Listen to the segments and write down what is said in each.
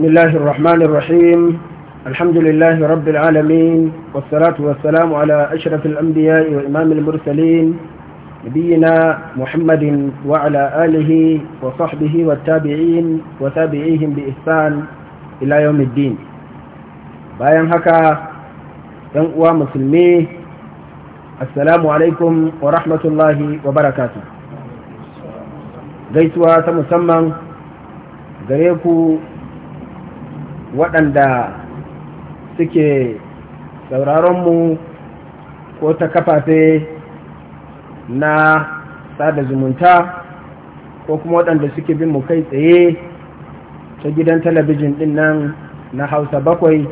بسم الله الرحمن الرحيم الحمد لله رب العالمين والصلاة والسلام على أشرف الأنبياء وإمام المرسلين نبينا محمد وعلى آله وصحبه والتابعين وتابعيهم بإحسان إلى يوم الدين bayan haka ‘yan uwa musulmi assalamu alaikum wa rahmatullahi wa barakatu gaisuwa ta musamman gare ku waɗanda suke sauraron mu ko ta kafafe na sada zumunta ko kuma waɗanda suke bin mu kai tsaye ta gidan talabijin ɗin nan na hausa bakwai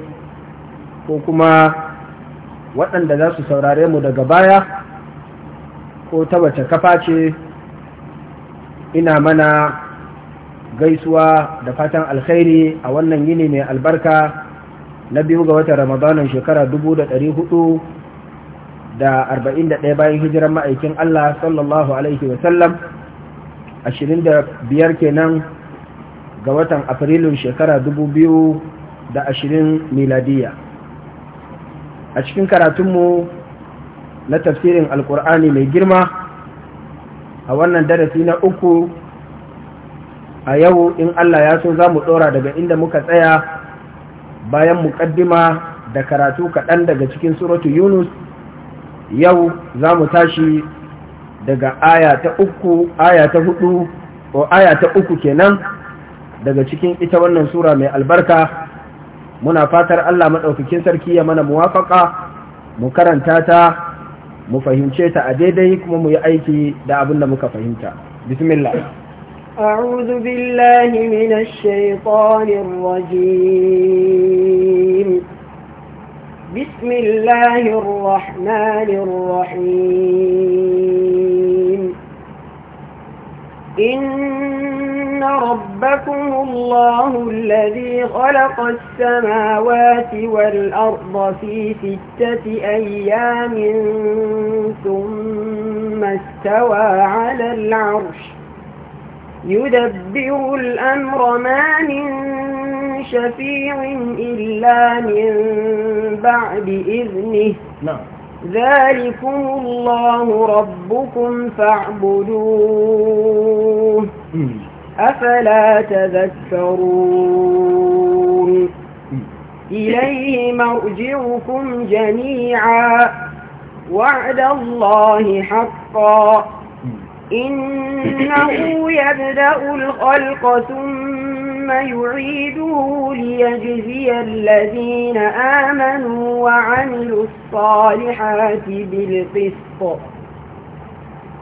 ko kuma waɗanda za su saurare mu daga baya ko ta wace kafa ce ina mana gaisuwa da fatan alkhairi a wannan yini mai albarka na biyu ga watan ramadanin shekara 441 bayan hijiran ma'aikin Allah sallallahu Alaihi wasallam 25 kenan ga watan afrilun shekara 2020 miladiya a cikin karatunmu na tafsirin alkur'ani mai girma a wannan darasi na uku a yau in Allah ya so za mu ɗora daga inda muka tsaya bayan muƙaddima da karatu kaɗan daga cikin suratu yunus yau za mu tashi daga aya ta uku aya ta hudu ko aya ta uku kenan daga cikin ita wannan sura mai albarka muna fatar Allah maɗaukakin sarki ya mana muwafaka mu karanta ta mu fahimce ta a daidai kuma mu yi aiki da abin da muka fahimta bismillah أعوذ بالله من الشيطان الرجيم بسم الله الرحمن الرحيم إن ربكم الله الذي خلق السماوات والأرض في ستة أيام ثم استوى على العرش يدبر الأمر ما من شفيع إلا من بعد إذنه نعم ذلكم الله ربكم فاعبدوه أفلا تذكرون إليه مرجعكم جميعا وعد الله حقا إنه يبدأ الخلق ثم يعيده ليجزي الذين آمنوا وعملوا الصالحات بالقسط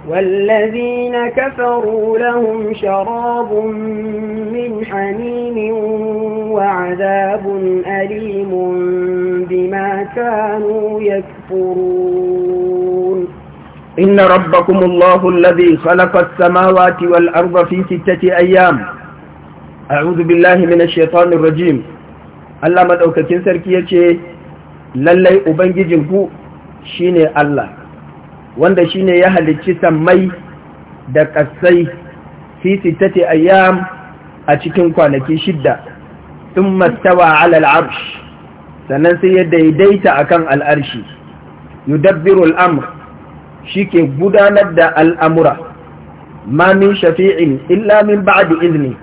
والذين كفروا لهم شراب من حميم وعذاب أليم بما كانوا يكفرون إن ربكم الله الذي خلق السماوات والأرض في ستة أيام أعوذ بالله من الشيطان الرجيم الله مدعوككين سركية للي أبنججنكو شيني الله wanda shine ya halicci sammai da ƙasai fi sittati ayyam a cikin kwanaki shidda thumma tawa ala al sannan sai ya daidaita akan al-arshi yudabbiru amr shi ke gudanar da al'amura ma min shafi'in illa min da izini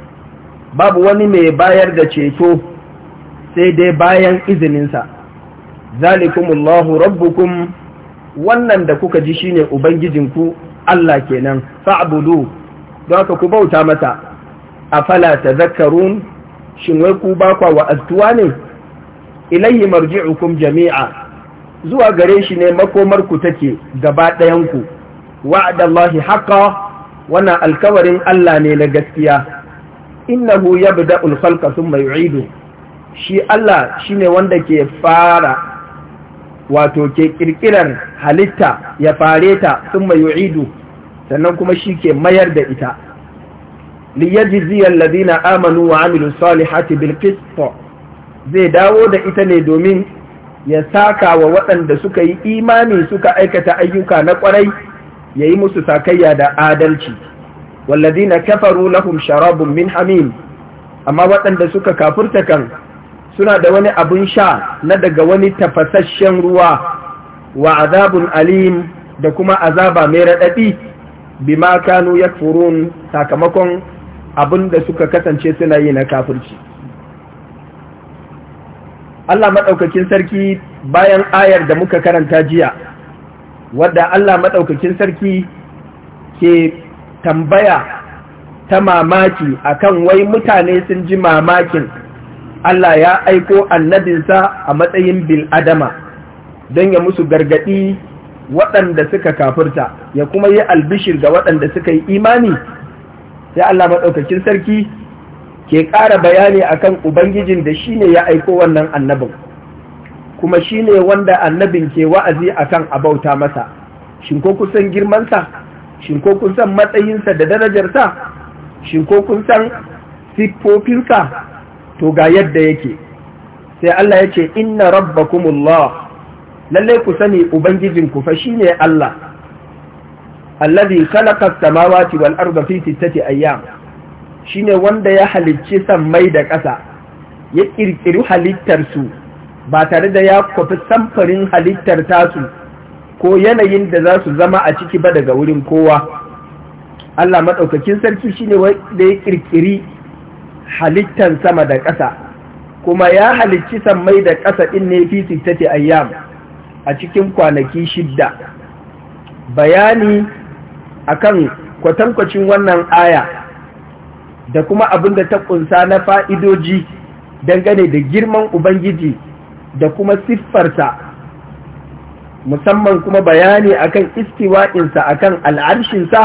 babu wani mai bayar da ceto sai dai bayan izininsa zalikumullahu rabbukum wannan da kuka ji shi shine ubangijinku Allah kenan fa'budu don haka ku bauta mata ta zakarun. shin wai ku ba kwa wa'aztuwa ne ilayhi marji'ukum jami'a zuwa gare shi ne makomarku take gaba ɗayanku lahi haka, wana alkawarin Allah ne na gaskiya innahu falka sun mai yu'idu shi Allah shi ne wanda ke fara wato ke ƙirƙirar halitta ya fare ta mai yu'idu sannan kuma shi ke mayar da ita liyajziya ziyar amanu wa amilu salihati bil zai dawo da ita ne domin ya saka wa waɗanda suka yi imani suka aikata ayyuka na ƙwarai ya yi musu sakayya da adalci na kafaru lahum sharabun min hamim amma waɗanda suka kafurta kan suna da wani abin sha na daga wani tafasasshen ruwa wa azabun alim da kuma azaba mai raɗaɗi bima kanu yakfurun sakamakon abin da suka kasance suna yi na kafurci. Allah maɗaukakin sarki bayan ayar da muka karanta jiya wadda Allah maɗaukakin sarki ke tambaya ta mamaki akan wai mutane sun ji mamakin Allah ya aiko annabinsa a matsayin bil'adama don ya musu gargaɗi waɗanda suka kafurta ya kuma yi albishir ga waɗanda suka yi imani sai Allah maɗaukakin sarki ke ƙara bayani akan ubangijin da shine ya aiko wannan annabin kuma shine wanda annabin ke wa'azi akan abauta masa shin ko kun san girmansa shin ko kun san matsayinsa da darajarsa shin ko kun san siffofinsa to ga yadda yake sai Allah ya ce inna rabbakumullah lallai ku sani ubangijin ku fa shine Allah allazi khalaqa as-samawati wal arda fi sittati ayyam Shi ne wanda ya halicci sammai da ƙasa ya ƙirƙiri halittarsu ba tare da ya kwafi samfarin halittar tasu ko yanayin da za su zama a ciki ba daga wurin kowa Allah maɗaukakin sarki shi ne wanda ya ƙirƙiri halittar sama da ƙasa kuma ya halicci sammai da ƙasa ɗin ne fi tafi ayyam a cikin kwanaki shidda bayani akan kwatankwacin wannan aya da kuma abin da ta kunsa na fa'idoji dangane da girman Ubangiji da kuma siffarsa musamman kuma bayani akan istiwa'insa akan al'arshinsa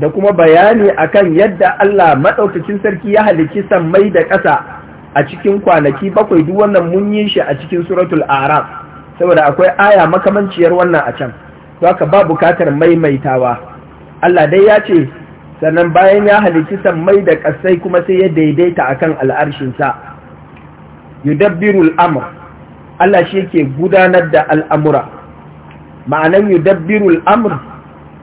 da kuma bayani akan yadda Allah maɗaukacin sarki ya halicci sammai da ƙasa a cikin kwanaki bakwai duk wannan mun yi shi a cikin suratul araf saboda akwai aya makamanciyar wannan a can to ka ba bukatar maimaitawa Allah dai ya ce sannan bayan ya halicci sammai da ƙasai kuma sai ya daidaita a kan al'arshinsa yudabbiru al'amr Allah shi ke gudanar da al'amura ma'anan yudabbiru al'amr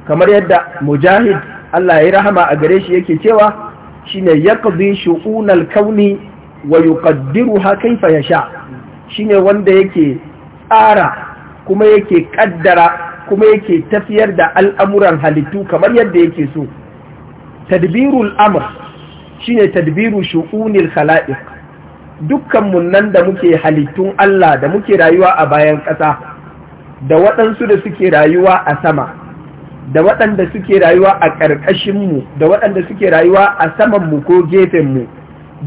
kamar yadda mujahid Allah ya rahama a gare shi yake cewa shine yaqdi shu'unal kauni wa yuqaddiruha kaifa Shi ne wanda yake tsara kuma yake ƙaddara kuma yake tafiyar da al'amuran halittu kamar yadda yake so tadbirul amr shine tadbiru shu'unil khala'iq dukkan nan da muke halittun Allah da muke rayuwa a bayan ƙasa da waɗansu da suke rayuwa a sama da waɗanda suke rayuwa a ƙarƙashinmu da waɗanda suke rayuwa a samanmu ko gefenmu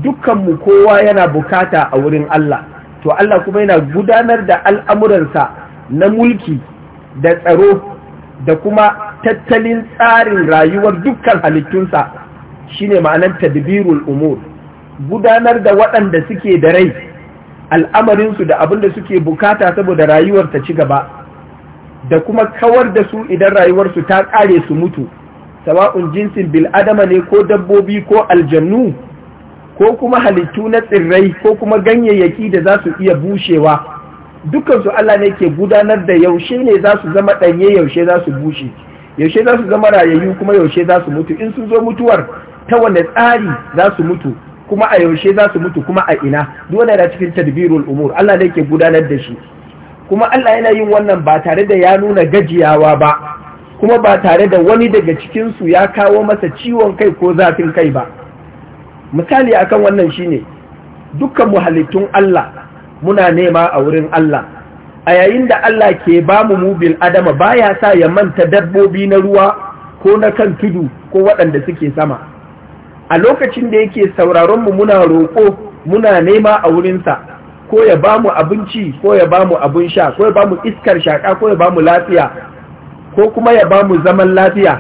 dukkanmu kowa yana bukata a wurin Allah to Allah kuma yana gudanar da al'amuransa na mulki da tsaro da kuma tattalin tsarin rayuwar dukkan halittunsa shine ma'anar tadbirul umur gudanar da waɗanda suke da rai al'amarinsu da abin da suke bukata saboda rayuwar ta ci gaba da kuma kawar da su idan rayuwarsu ta ƙare su mutu sawa'un jinsin bil'adama ne ko dabbobi ko aljannu ko kuma halittu na tsirrai ko kuma ganyayyaki da za su iya bushewa dukansu Allah ne ke gudanar da yaushe ne za su zama ɗanye yaushe za su bushe yaushe za su zama rayayyu kuma yaushe za su mutu in sun zo mutuwar ta wanne tsari za su mutu kuma a yaushe za su mutu kuma a ina dole da cikin tadbirul umur Allah ne yake gudanar da shi kuma Allah yana yin wannan ba tare da ya nuna gajiyawa ba kuma ba tare da wani daga cikin su ya kawo masa ciwon kai ko zafin kai ba misali akan wannan shine dukkan muhallitun Allah muna nema a wurin Allah a yayin da Allah ke ba mu mubil adama ba ya sa ya manta dabbobi na ruwa ko na kan tudu ko waɗanda suke sama a lokacin da yake sauraron mu muna roƙo muna nema a wurinsa ko ya ba mu abinci ko ya ba mu abin sha ko ya ba mu iskar shaƙa ko ya ba mu lafiya ko kuma ya ba mu zaman lafiya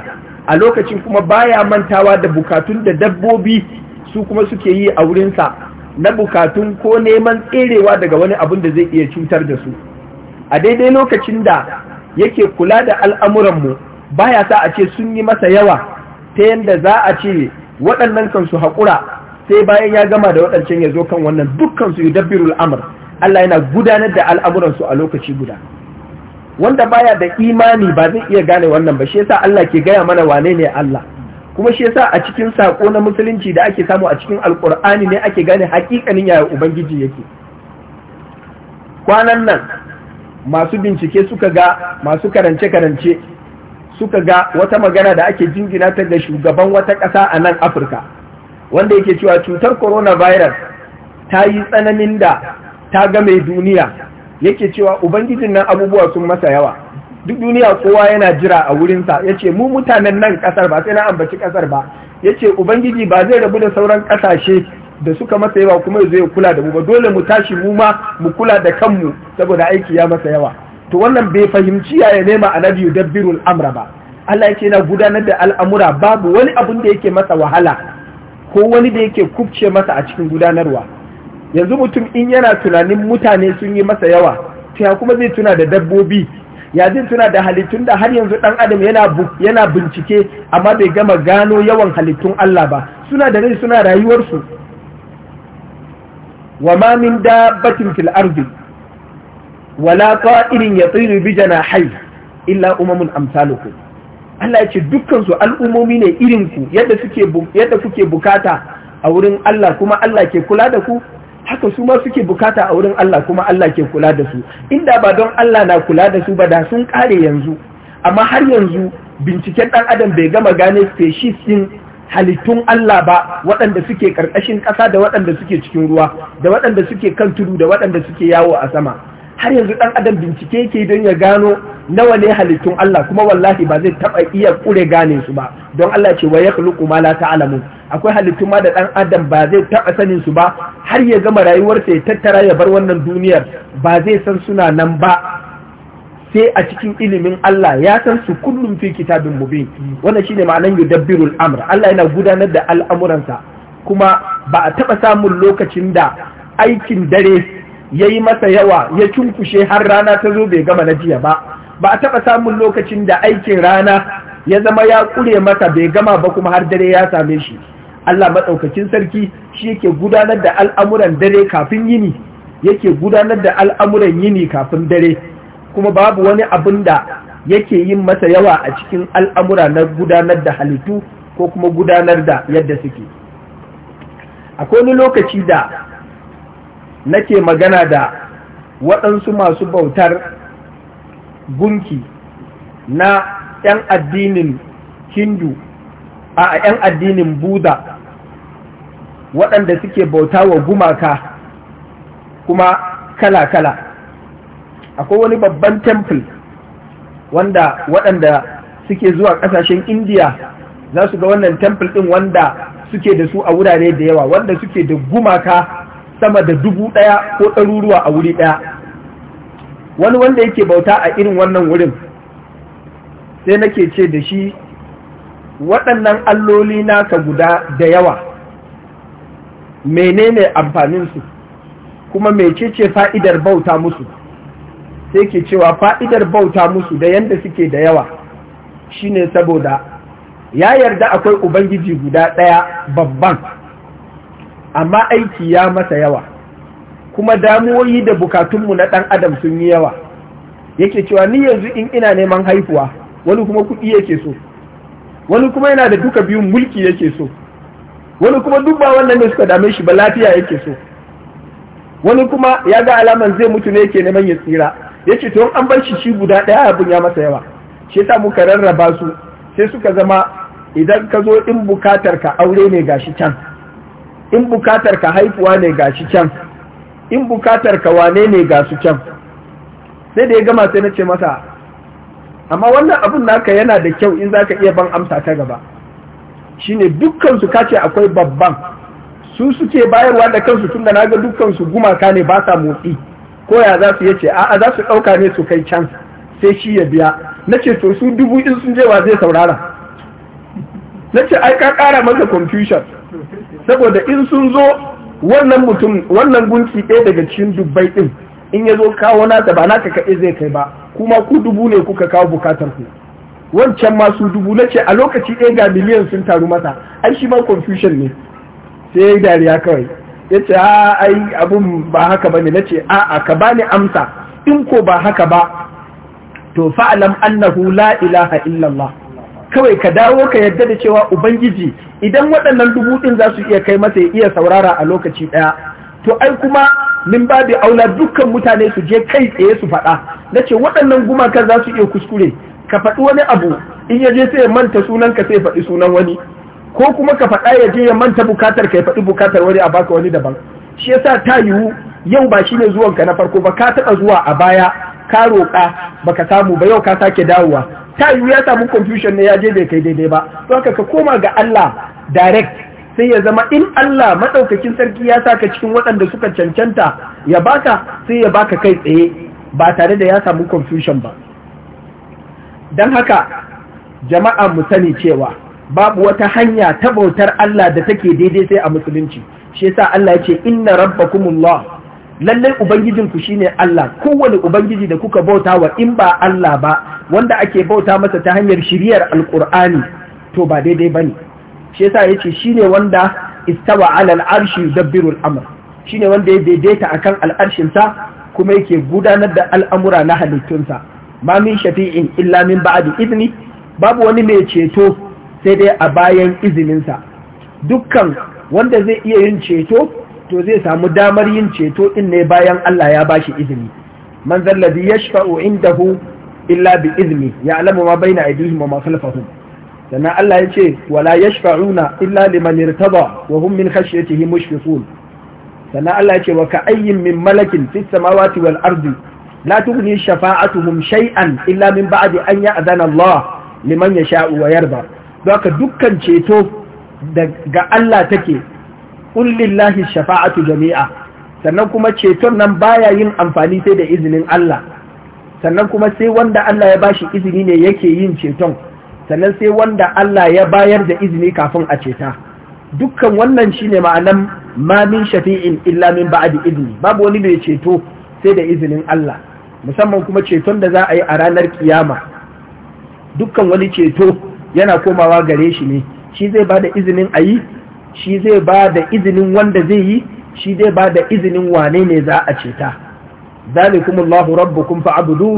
a lokacin kuma baya mantawa da bukatun da dabbobi su kuma suke yi a wurinsa na bukatun ko neman tserewa daga wani abin da zai iya cutar da su a daidai lokacin da yake kula da al'amuranmu baya sa a ce sun yi masa yawa ta yadda za a ce waɗannan kansu haƙura sai bayan ya gama da waɗancan ya zo kan wannan dukkansu yi dabbirul al’amur Allah yana gudanar da al'amuransu a lokaci guda wanda baya da imani ba zai iya gane wannan ba shi yasa Allah ke gaya mana wane ne Allah kuma shi yasa a cikin sako na musulunci da ake samu a cikin alkur'ani ne ake gane hakikanin yaya ubangiji yake kwanan nan masu bincike suka ga masu karance-karance suka ga wata magana da ake jingina ta ga shugaban wata ƙasa a nan afirka wanda yake cewa cutar coronavirus ta yi tsananin da ta ga mai duniya yake cewa ubangijin nan abubuwa sun masa yawa duk duniya kowa yana jira a wurinsa ya ce mu mutanen nan ƙasar ba sai na ambaci ƙasar ba ya ce ubangiji ba zai rabu da sauran ƙasashe da suka masa yawa kuma ya zo ya kula da mu ba dole mu tashi mu ma mu kula da kanmu saboda aiki ya masa yawa to wannan bai fahimci ya nema annabi yudabbirul amra ba Allah yake na gudanar da al'amura babu wani abun da yake masa wahala ko wani da yake kubce masa a cikin gudanarwa yanzu mutum in yana tunanin mutane sun yi masa yawa to ya kuma zai tuna da dabbobi ya zai tuna da halittun da har yanzu dan adam yana yana bincike amma bai gama gano yawan halittun Allah ba suna da rai suna rayuwarsu wa ma min في fil ولا wala يطير yatiru إلا أمم أمثالكم Allah ya ce dukkan su al'umomi ne irin yadda suke kuke bukata a wurin Allah kuma Allah ke kula da ku haka su ma suke bukata a wurin Allah kuma Allah ke kula da su inda ba don Allah na kula da su ba da sun kare yanzu amma har yanzu binciken ɗan adam bai gama gane species din halittun Allah ba waɗanda suke ƙarƙashin ƙasa da waɗanda suke cikin ruwa da waɗanda suke kan tudu da waɗanda suke yawo a sama har yanzu ɗan adam bincike yake don ya gano nawa ne halittun Allah kuma wallahi ba zai taɓa iya ƙure gane su ba don Allah ce wa yakhluqu kuma la ta'lamun akwai halittun ma da ɗan adam ba zai taɓa sanin su ba har ya gama rayuwarsa ya tattara ya bar wannan duniyar ba zai san suna nan ba sai a cikin ilimin Allah ya san su kullum fi kitabin mubin wannan shine ma'anan yudabbirul amr Allah yana gudanar da al'amuransa kuma ba a taba samun lokacin da aikin dare yayi masa yawa ya cunkushe har rana ta zo bai gama na jiya ba ba a taba samun lokacin da aikin rana ya zama ya kure masa bai gama ba kuma har dare ya same shi Allah madaukakin sarki shi yake gudanar da al'amuran dare kafin yini yake gudanar da al'amuran yini kafin dare kuma babu wani abin da yake yin masa yawa a cikin al'amura na gudanar da halittu ko kuma gudanar da yadda suke akwai wani lokaci da nake magana da waɗansu masu bautar gunki na 'yan addinin hindu a 'yan addinin buda waɗanda suke bauta wa gumaka kuma kala-kala akwai wani babban temple wanda waɗanda suke zuwa ƙasashen indiya za su ga wannan temple ɗin wanda suke da su a wurare da yawa wanda suke da gumaka sama da dubu ɗaya ko ɗaruruwa a wuri ɗaya wani wanda yake bauta a irin wannan wurin sai nake ce da shi waɗannan alloli naka guda da yawa menene amfaninsu kuma ce fa'idar bauta musu sai ke cewa fa'idar bauta musu da yadda suke da yawa shi ne saboda ya yarda akwai ubangiji guda ɗaya babban amma aiki ya masa yawa kuma damuwoyi da bukatunmu na ɗan adam sun yi yawa yake cewa ni yanzu in ina neman haifuwa wani kuma kuɗi yake so wani kuma yana da duka biyun mulki yake so wani kuma duk wannan ne suka dame shi ba lafiya yake so wani kuma ya ga alaman zai mutu ne yake neman ya tsira ya ce tun an bar shi shi guda ɗaya abin ya masa yawa shi yasa muka rarraba su sai suka zama idan ka zo in bukatar ka aure ne gashi can in bukatar ka haifuwa ne gashi can in bukatar ka wane ne ga can sai da ya gama sai na ce masa amma wannan abun naka yana da kyau in zaka iya ban amsa ta gaba shine dukkansu su kace akwai babban su suke bayarwa da kansu tunda na ga su gumaka ne ba sa motsi ko ya za su yi ce, a'a za su ɗauka ne su kai can sai shi ya biya na ce to su dubu in sun je wa zai saurara na ce ai ka ƙara masa confusion saboda in sun zo wannan mutum wannan gunki ɗaya daga cikin dubbai ɗin in ya zo kawo nasa ba naka kaɗe zai kai ba kuma ku dubu ne kuka kawo bukatar ku wancan ma su dubu na ce a lokaci ɗaya ga miliyan sun taru masa ai shi ma confusion ne sai ya yi dariya kawai ya ce a ai abun ba haka ba ne na ce a a ka bani amsa in ko ba haka ba to fa'alam annahu la ilaha illallah kawai ka dawo ka yadda da cewa ubangiji idan waɗannan dubu ɗin za su iya kai masa ya iya saurara a lokaci ɗaya to ai kuma min bi aula dukkan mutane su je kai tsaye su faɗa na ce waɗannan gumakan za su iya kuskure ka faɗi wani abu in ya je sai manta sunan ka sai faɗi sunan wani ko kuma ka faɗa ya je ya manta bukatar ka ya faɗi bukatar wani a baka wani daban shi yasa ta yiwu yau ba shi shine ka na farko ba ka taɓa zuwa a baya ka roƙa baka samu ba yau ka sake dawowa ta yiwu ya samu confusion ne ya je bai kai daidai ba don haka ka koma ga Allah direct sai ya zama in Allah maɗaukakin sarki ya sa ka cikin waɗanda suka cancanta ya baka sai ya baka kai tsaye ba tare da ya samu confusion ba don haka jama'a mu sani cewa babu wata hanya ta bautar Allah da take daidai sai a musulunci shi yasa Allah ya ce inna rabbakumullah lallai ubangijinku shine Allah kowane ubangiji da kuka bauta wa in ba Allah ba wanda ake bauta masa ta hanyar shiriyar alkur'ani to ba daidai bane shi yasa yace shine wanda istawa alal arshi yudabbiru al-amr shine wanda ya daidaita akan al'arshin sa kuma yake gudanar da al'amura na halittunsa ma min shafi'in illa min ba'di idni babu wani mai ceto sai dai a bayan izininsa dukkan wanda zai iya yin ceto to zai samu damar yin ceto in ne bayan Allah ya bashi izini man zallabi yashfa'u indahu illa bi izni ya'lamu ma baina na wa ma khalfahum sannan Allah ya ce wala yashfa'una illa liman irtada wa hum min khashyatihi mushfiqun sannan Allah ya ce wa ka'ayyin min malakin fis samawati wal ardi la tughni shafa'atuhum shay'an illa min ba'di an ya'dana Allah liman yasha'u wa yarda haka dukkan ceto ga Allah take ƙullillahi shafa'atu jami'a sannan kuma ceton nan baya yin amfani sai da izinin Allah sannan kuma sai wanda Allah ya bashi izini ne yake yin ceton sannan sai wanda Allah ya bayar da izini kafin a ceta dukkan wannan shine ma'anan ma min shafi'in illa min ba'di izni babu wani mai ceto sai da izinin Allah musamman kuma ceton da za a yi a ranar kiyama dukkan wani ceto yana komawa gare shi ne shi zai ba da izinin a yi shi zai ba da izinin wanda zai yi shi zai ba da izinin wane ne za a ceta zalikumullahu rabbukum fa'budu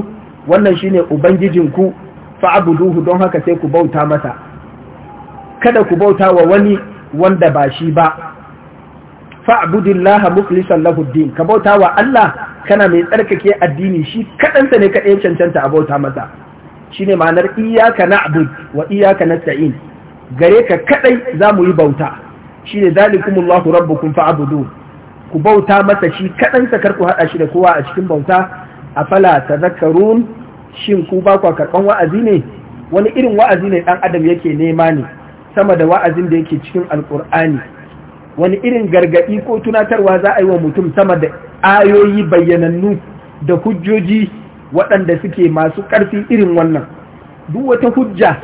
wannan shine ubangijinku fa'buduhu don haka sai ku bauta masa kada ku bauta wa wani wanda ba shi ba fa'budillaha mukhlishan lahu din ka bauta wa Allah kana mai tsarkake addini shi kaɗansa ne ya cancanta a bauta masa shine ma'anar iyaka na'bud wa iyaka nasta'in gare ka kaɗai za mu yi bauta shine zalikumullahu rabbukum fa'budu ku bauta masa shi kadan sa ku haɗa shi da kowa a cikin bauta afala tadhakkarun shin ku ba ku karban wa'azi ne wani irin wa'azi ne dan adam yake nema ne sama da wa'azin da yake cikin alqur'ani wani irin gargadi ko tunatarwa za a yi wa mutum sama da ayoyi bayyanannu da hujjoji waɗanda suke masu ƙarfi irin wannan duk wata hujja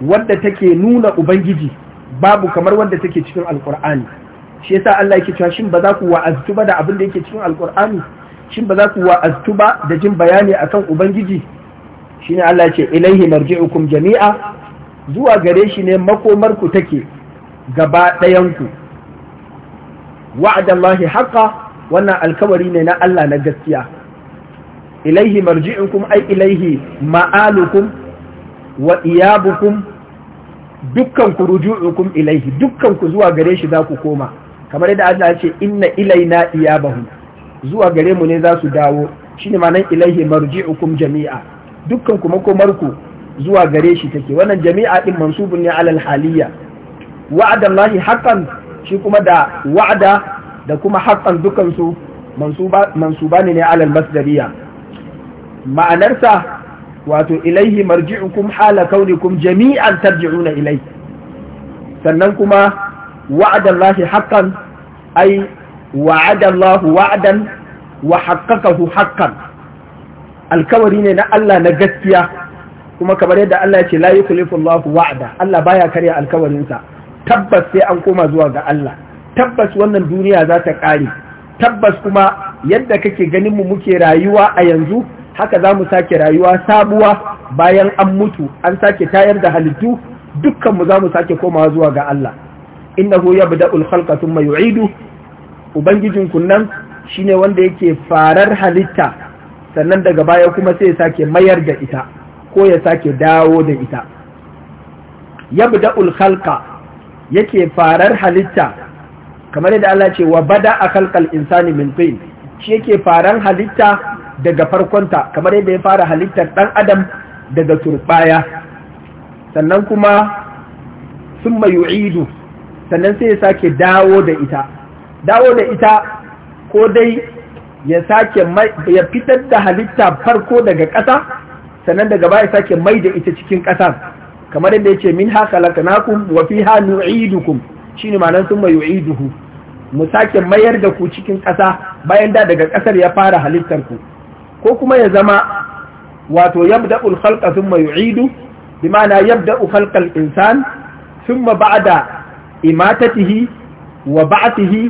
wadda take nuna ubangiji babu kamar wadda take cikin alkur'ani shi yasa Allah yake cewa shin ba za ku wa'aztu ba da abin da yake cikin alkur'ani shin ba za ku wa'aztu ba da jin bayani akan ubangiji shine Allah yake ilaihi marji'ukum jami'a zuwa gare shi ne makomar ku take gaba ɗayan ku wa'adallahi haqa wannan alkawari ne na Allah na gaskiya ilaihi marji'ukum ai ilaihi ma'alukum wa iyabukum dukkan ku ruju'ukum ilaihi dukkan ku zuwa gare shi za ku koma kamar yadda Allah ya ce inna ilaina iyabahu zuwa gare mu ne za su dawo shine ma'anar ilaihi marji'ukum jami'a dukkan ku makomarku zuwa gare shi take wannan jami'a din mansubun ne alal haliyya wa'ada Allah haqqan shi kuma da wa'ada da kuma haqqan dukkan su mansuba ne ne alal masdariya ma'anarsa wato ilaihi marji'ukum hala kaunikum jami'an tarji'una ilai sannan kuma wa'adallahi haqqan ai wa'adallahu wa'adan wa haqqaqahu haqqan alkawari ne na Allah na gaskiya kuma kamar yadda Allah ya ce la yukhlifu Allahu Allah baya karya alkawarinsa tabbas sai an koma zuwa ga Allah tabbas wannan duniya za ta kare tabbas kuma yadda kake ganin mu muke rayuwa a yanzu haka za mu sake rayuwa sabuwa bayan an mutu an sake tayar da halittu dukkanmu za mu sake komawa zuwa ga Allah innahu yabda'ul khalqa thumma yu'idu ubangijin kunnan shine wanda yake farar halitta sannan daga baya kuma sai ya sake mayar da ita ko ya sake dawo da ita yabda'ul khalqa yake farar halitta kamar yadda Allah ce wa bada'a khalqal insani min tin shi yake faran halitta daga farkonta kamar yadda ya fara halittar ɗan adam daga turbaya sannan kuma sun idu sannan sai ya sake dawo da ita dawo da ita ko dai ya sake ya fitar da halitta farko daga ƙasa sannan daga baya sake mai da ita cikin ƙasa kamar yadda ya ce min ha khalaqnakum wa fiha nu'idukum shine ma'anar sun yu'iduhu mu sake mayar da ku cikin ƙasa bayan da daga ƙasar ya fara halittar ku ko kuma ya zama wato yabda'ul khalqa thumma yu'idu bima'ana yabda'u khalqal insan thumma ba'da imatatihi wa ba'thihi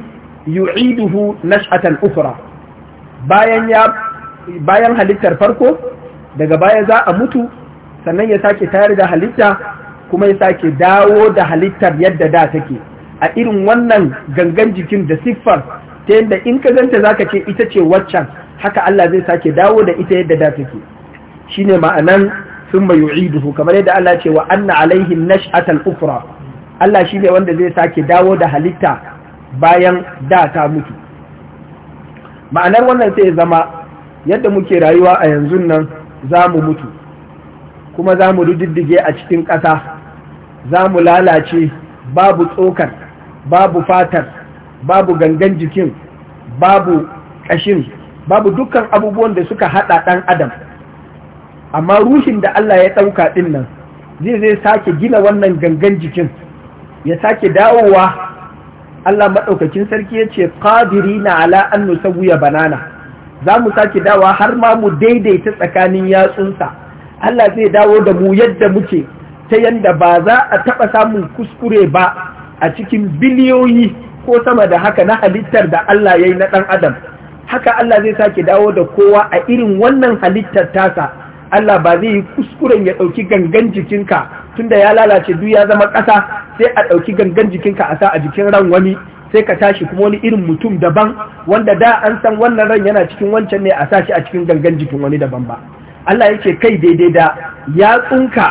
yu'iduhu nash'atan ukhra bayan ya bayan halittar farko daga baya za a mutu sannan ya sake tayar da halitta kuma ya sake dawo da halittar yadda da take a irin wannan gangan jikin da siffar ta yadda in ka ganta zaka ce ita ce waccan haka Allah zai sake dawo da ita yadda da take shine ma'anan thumma yu'iduhu kamar yadda Allah ce wa anna alaihi al-ukhra Allah shine wanda zai sake dawo da halitta bayan da ta mutu ma'anar wannan sai zama yadda muke rayuwa a yanzu nan za mu mutu kuma za mu diddige a cikin ƙasa za mu lalace babu tsokar babu fatar babu gangan jikin babu ƙashin babu dukkan abubuwan da suka haɗa ɗan adam amma ruhin da Allah ya ɗauka ɗin nan zai zai sake gina wannan gangan jikin ya sake dawowa Allah maɗaukakin sarki ya ce ƙadiri na ala an banana za mu sake dawa har ma mu daidaita tsakanin yatsunsa Allah zai dawo da mu yadda muke ta yadda ba za a taɓa samun kuskure ba a cikin biliyoyi ko sama da haka na halittar da Allah ya yi na ɗan adam haka Allah zai sake dawo da kowa a irin wannan halittar tasa Allah ba zai yi kuskuren ya ɗauki gangan jikinka tunda ya lalace duk ya zama ƙasa sai a ɗauki gangan jikinka a sa a jikin ran wani sai ka tashi kuma wani irin mutum daban wanda da an san wannan ran yana cikin wancan ne a sa shi a cikin gangan jikin wani daban ba Allah yake kai daidai da yatsunka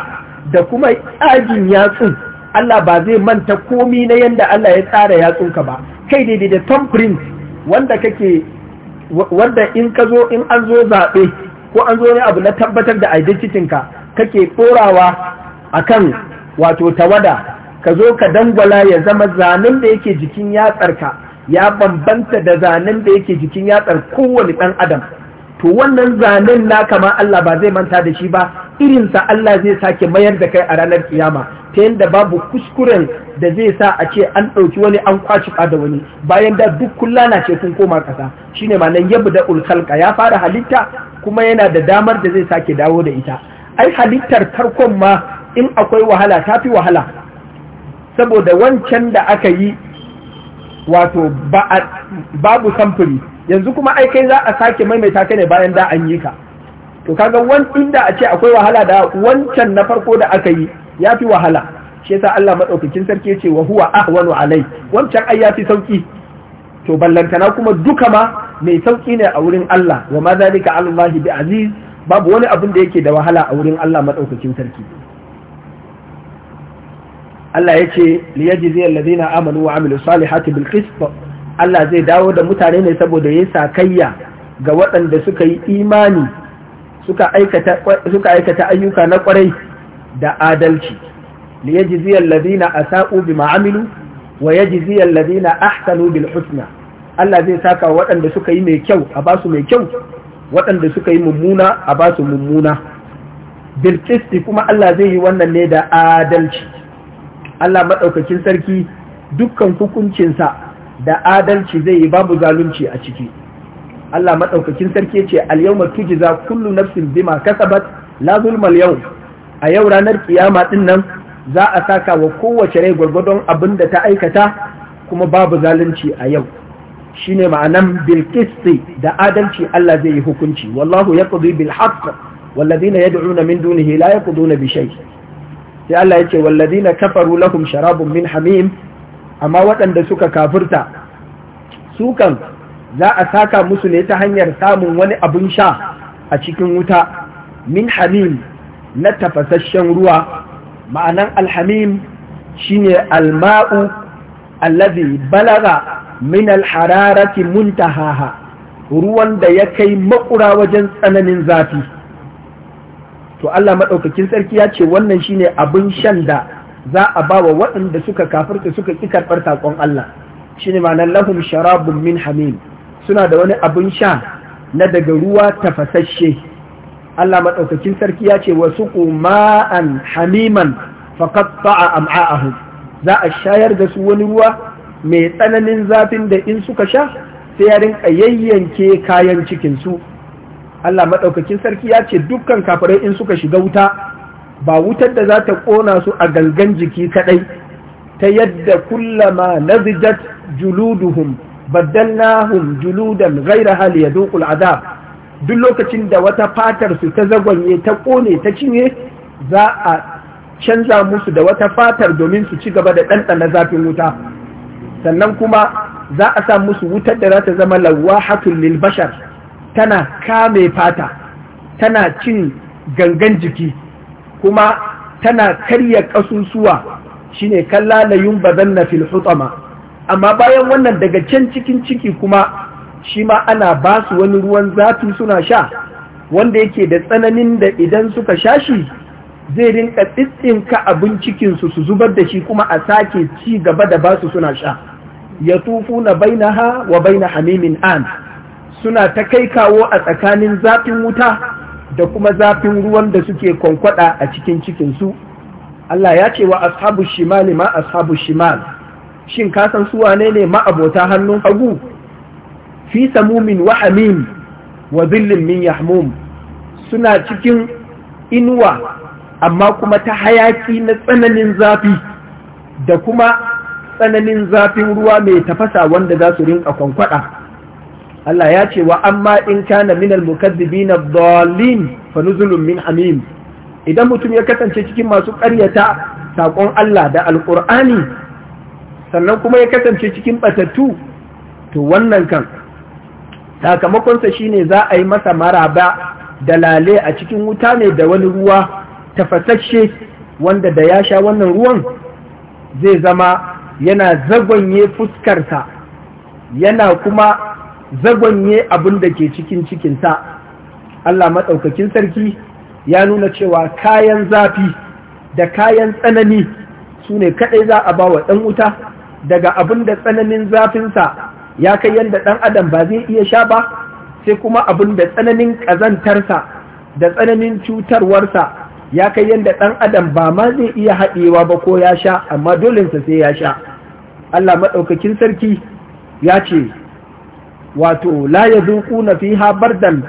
da kuma ajin yatsun Allah ba zai manta komi na yanda Allah ya tsara yatsunka ba kai daidai da tom thumbprint wanda kake wanda in ka zo in an zo zaɓe ko an zo ne abu na tabbatar da identitinka kake ɗorawa a kan wato tawada ka zo ka dangwala ya zama zanen da yake jikin yatsarka ya bambanta da zanen da yake jikin yatsar kowane ɗan adam to wannan zanen na kama Allah ba zai manta da shi ba irinsa Allah zai sake mayar da kai a ranar kiyama ta yadda babu kuskuren da zai sa a ce an ɗauki wani an kwaci da wani bayan da duk kulla na ce kun koma ƙasa shine ma nan yabu da ulkalka ya fara halitta kuma yana da damar da zai sake dawo da ita ai halittar tarkon ma in akwai wahala ta fi wahala saboda wancan da aka yi wato babu samfuri yanzu kuma ai kai za a sake maimaita ka ne bayan da an yi ka to kaga wan inda a ce akwai wahala da wancan na farko da aka yi ya fi wahala shi yasa Allah madaukakin sarki yace wa huwa ahwanu alai wancan ai ya sauki to ballantana kuma duka ma mai sauki ne a wurin Allah wa ma zalika alallahi bi aziz babu wani abin da yake da wahala a wurin Allah madaukakin sarki Allah ya yace liyajzi alladhina amanu wa amilu salihati bil qist Allah zai dawo da mutane ne saboda yayin sakayya ga waɗanda suka yi imani suka aikata ayyuka na kwarai da adalci li lazina ladina asa'u bi Ma'amilu. wa yajziyal ladina ahsanu bil husna Allah zai saka waɗanda suka yi mai kyau a basu mai kyau waɗanda suka yi mummuna a basu mummuna bil kuma Allah zai yi wannan ne da adalci Allah maɗaukakin sarki dukkan hukuncinsa da adalci zai yi babu zalunci a ciki Allah maɗaukakin sarki ce al-yawma za kullu nafsin bima kasabat la zulma yau. a yau ranar kiyama din nan za a saka wa kowace rai gwargwadon abin da ta aikata kuma babu zalunci a yau shine ma'anan bil da adalci Allah zai yi hukunci wallahu yaqdi bil haqq والذين يدعون من دونه ya يقضون bishai sai Allah ya ce na kafaru lahum sharabun min hamim amma waɗanda suka kafirta sukan za a saka musu ne ta hanyar samun wani abun sha a cikin wuta min hamim na tafasasshen ruwa ma'anan alhamim ne alma'u allazi balaga min alhararati muntahaha ruwan da ya kai makura wajen tsananin zafi to Allah maɗaukakin sarki ya ce wannan shine abin shan da za a bawa waɗanda suka kafirta suka ƙi karɓar saƙon Allah shine ma'anan lahum sharabun min hamim suna da wani abin sha na daga ruwa tafasasshe Allah maɗaukakin sarki ya ce wasu ƙuma'an hamiman a am'a'ahu za a shayar da su wani ruwa mai tsananin zafin da in suka sha sai ya rinka kayan cikinsu Allah maɗaukakin sarki ya ce dukkan kafirai in suka shiga wuta ba wutar da za ta ƙona su a gangan jiki kaɗai ta yadda kullama zijat juluduhum baddalnahum juludan ghayra hal yaduqul adab duk lokacin da wata fatar su ta zagwanye ta kone ta cinye za a canza musu da wata fatar domin su ci gaba da ɗanɗana zafin wuta sannan kuma za a sa musu wutar da za ta zama lawahatul lil bashar tana kame fata tana cin gangan jiki kuma tana karya kasusuwa shine kalla la na fil hutama amma bayan wannan daga can cikin ciki kuma shi ma ana ba su wani ruwan zafi suna sha wanda yake da tsananin da idan suka sha shi zai rinka tsitsinka abin cikinsu su zubar da shi kuma a sake ci gaba da ba su suna sha ya tufu na bainaha wa baina hamimin an suna ta kai kawo a tsakanin zafin wuta da kuma zafin ruwan da suke kwankwada a cikin cikinsu Allah ya ce wa ashabu shimali ma ashabu shimali shin ka san su wane ne ma'abota hannun hagu fi samumin wa amin wa zillin min yahmum suna cikin inuwa amma kuma ta hayaki na tsananin zafi da kuma tsananin zafin ruwa mai tafasa wanda za su rinka kwankwada Allah ya ce wa amma in kana minal mukazzibin ad-dallin fa nuzulun min amin idan mutum ya kasance cikin masu ƙaryata saƙon Allah da alƙur'ani sannan kuma ya kasance cikin batattu to wannan kan sakamakonsa shine za a yi masa maraba da lale a cikin wuta ne da wani ruwa tafasashe wanda da ya sha wannan ruwan zai zama yana zagonye fuskarsa yana kuma zagonye abin da ke cikin cikinsa Allah maɗaukakin sarki ya nuna cewa kayan zafi da kayan tsanani su ne kaɗai za a ba wa ɗan wuta daga abin da tsananin zafinsa ya kai yadda ɗan adam ba zai iya sha ba sai kuma abin da tsananin ƙazantarsa da tsananin cutarwarsa ya kai yadda ɗan adam ba ma zai iya haɗewa ba ko ya sha amma dolinsa sai ya sha Allah maɗaukakin sarki ya ce wato la ya zuƙuna fi bardan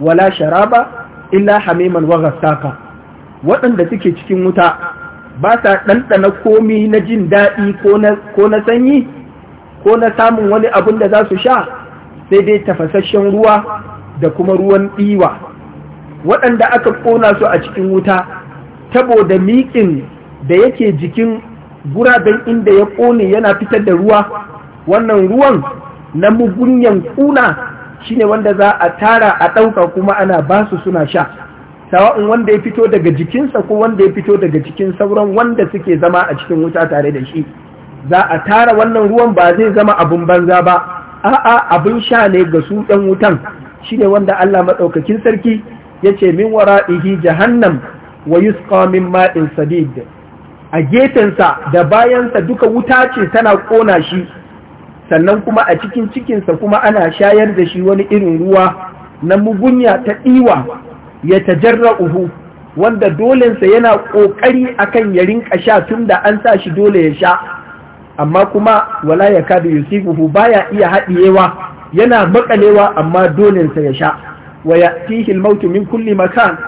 wala sharaba illa hamiman wa gasaka waɗanda suke cikin wuta ba sa ɗanɗana komi na jin daɗi ko na sanyi ko na samun wani abin da za su sha sai dai tafasasshen ruwa da kuma ruwan ɗiwa waɗanda aka ƙona su a cikin wuta tabo da miƙin da yake jikin guraben inda ya ƙone yana fitar da ruwa wannan ruwan na mugunyan ƙuna shine wanda za a tara a ɗauka kuma ana basu suna sha sawa'un wanda ya fito daga jikinsa ko wanda ya fito daga cikin sauran wanda suke zama a cikin wuta tare da shi za a tara wannan ruwan ba zai zama abun banza ba a'a abin sha ne ga su ɗan wutan shine wanda Allah maɗaukakin sarki ya ce min ihi jahannam wa yusqa min ma'in sadid a gefensa da bayansa duka wuta ce tana ƙona shi sannan kuma a cikin cikinsa kuma ana shayar da shi wani irin ruwa na mugunya ta ɗiwa ya tajarra Uhu, wanda dolensa yana ƙoƙari akan ya rinka sha da an sa shi dole ya sha amma kuma wala ya kada yusifuhu baya iya haɗiyewa yana makalewa amma dolensa ya sha wa ya'tihi al min kulli makan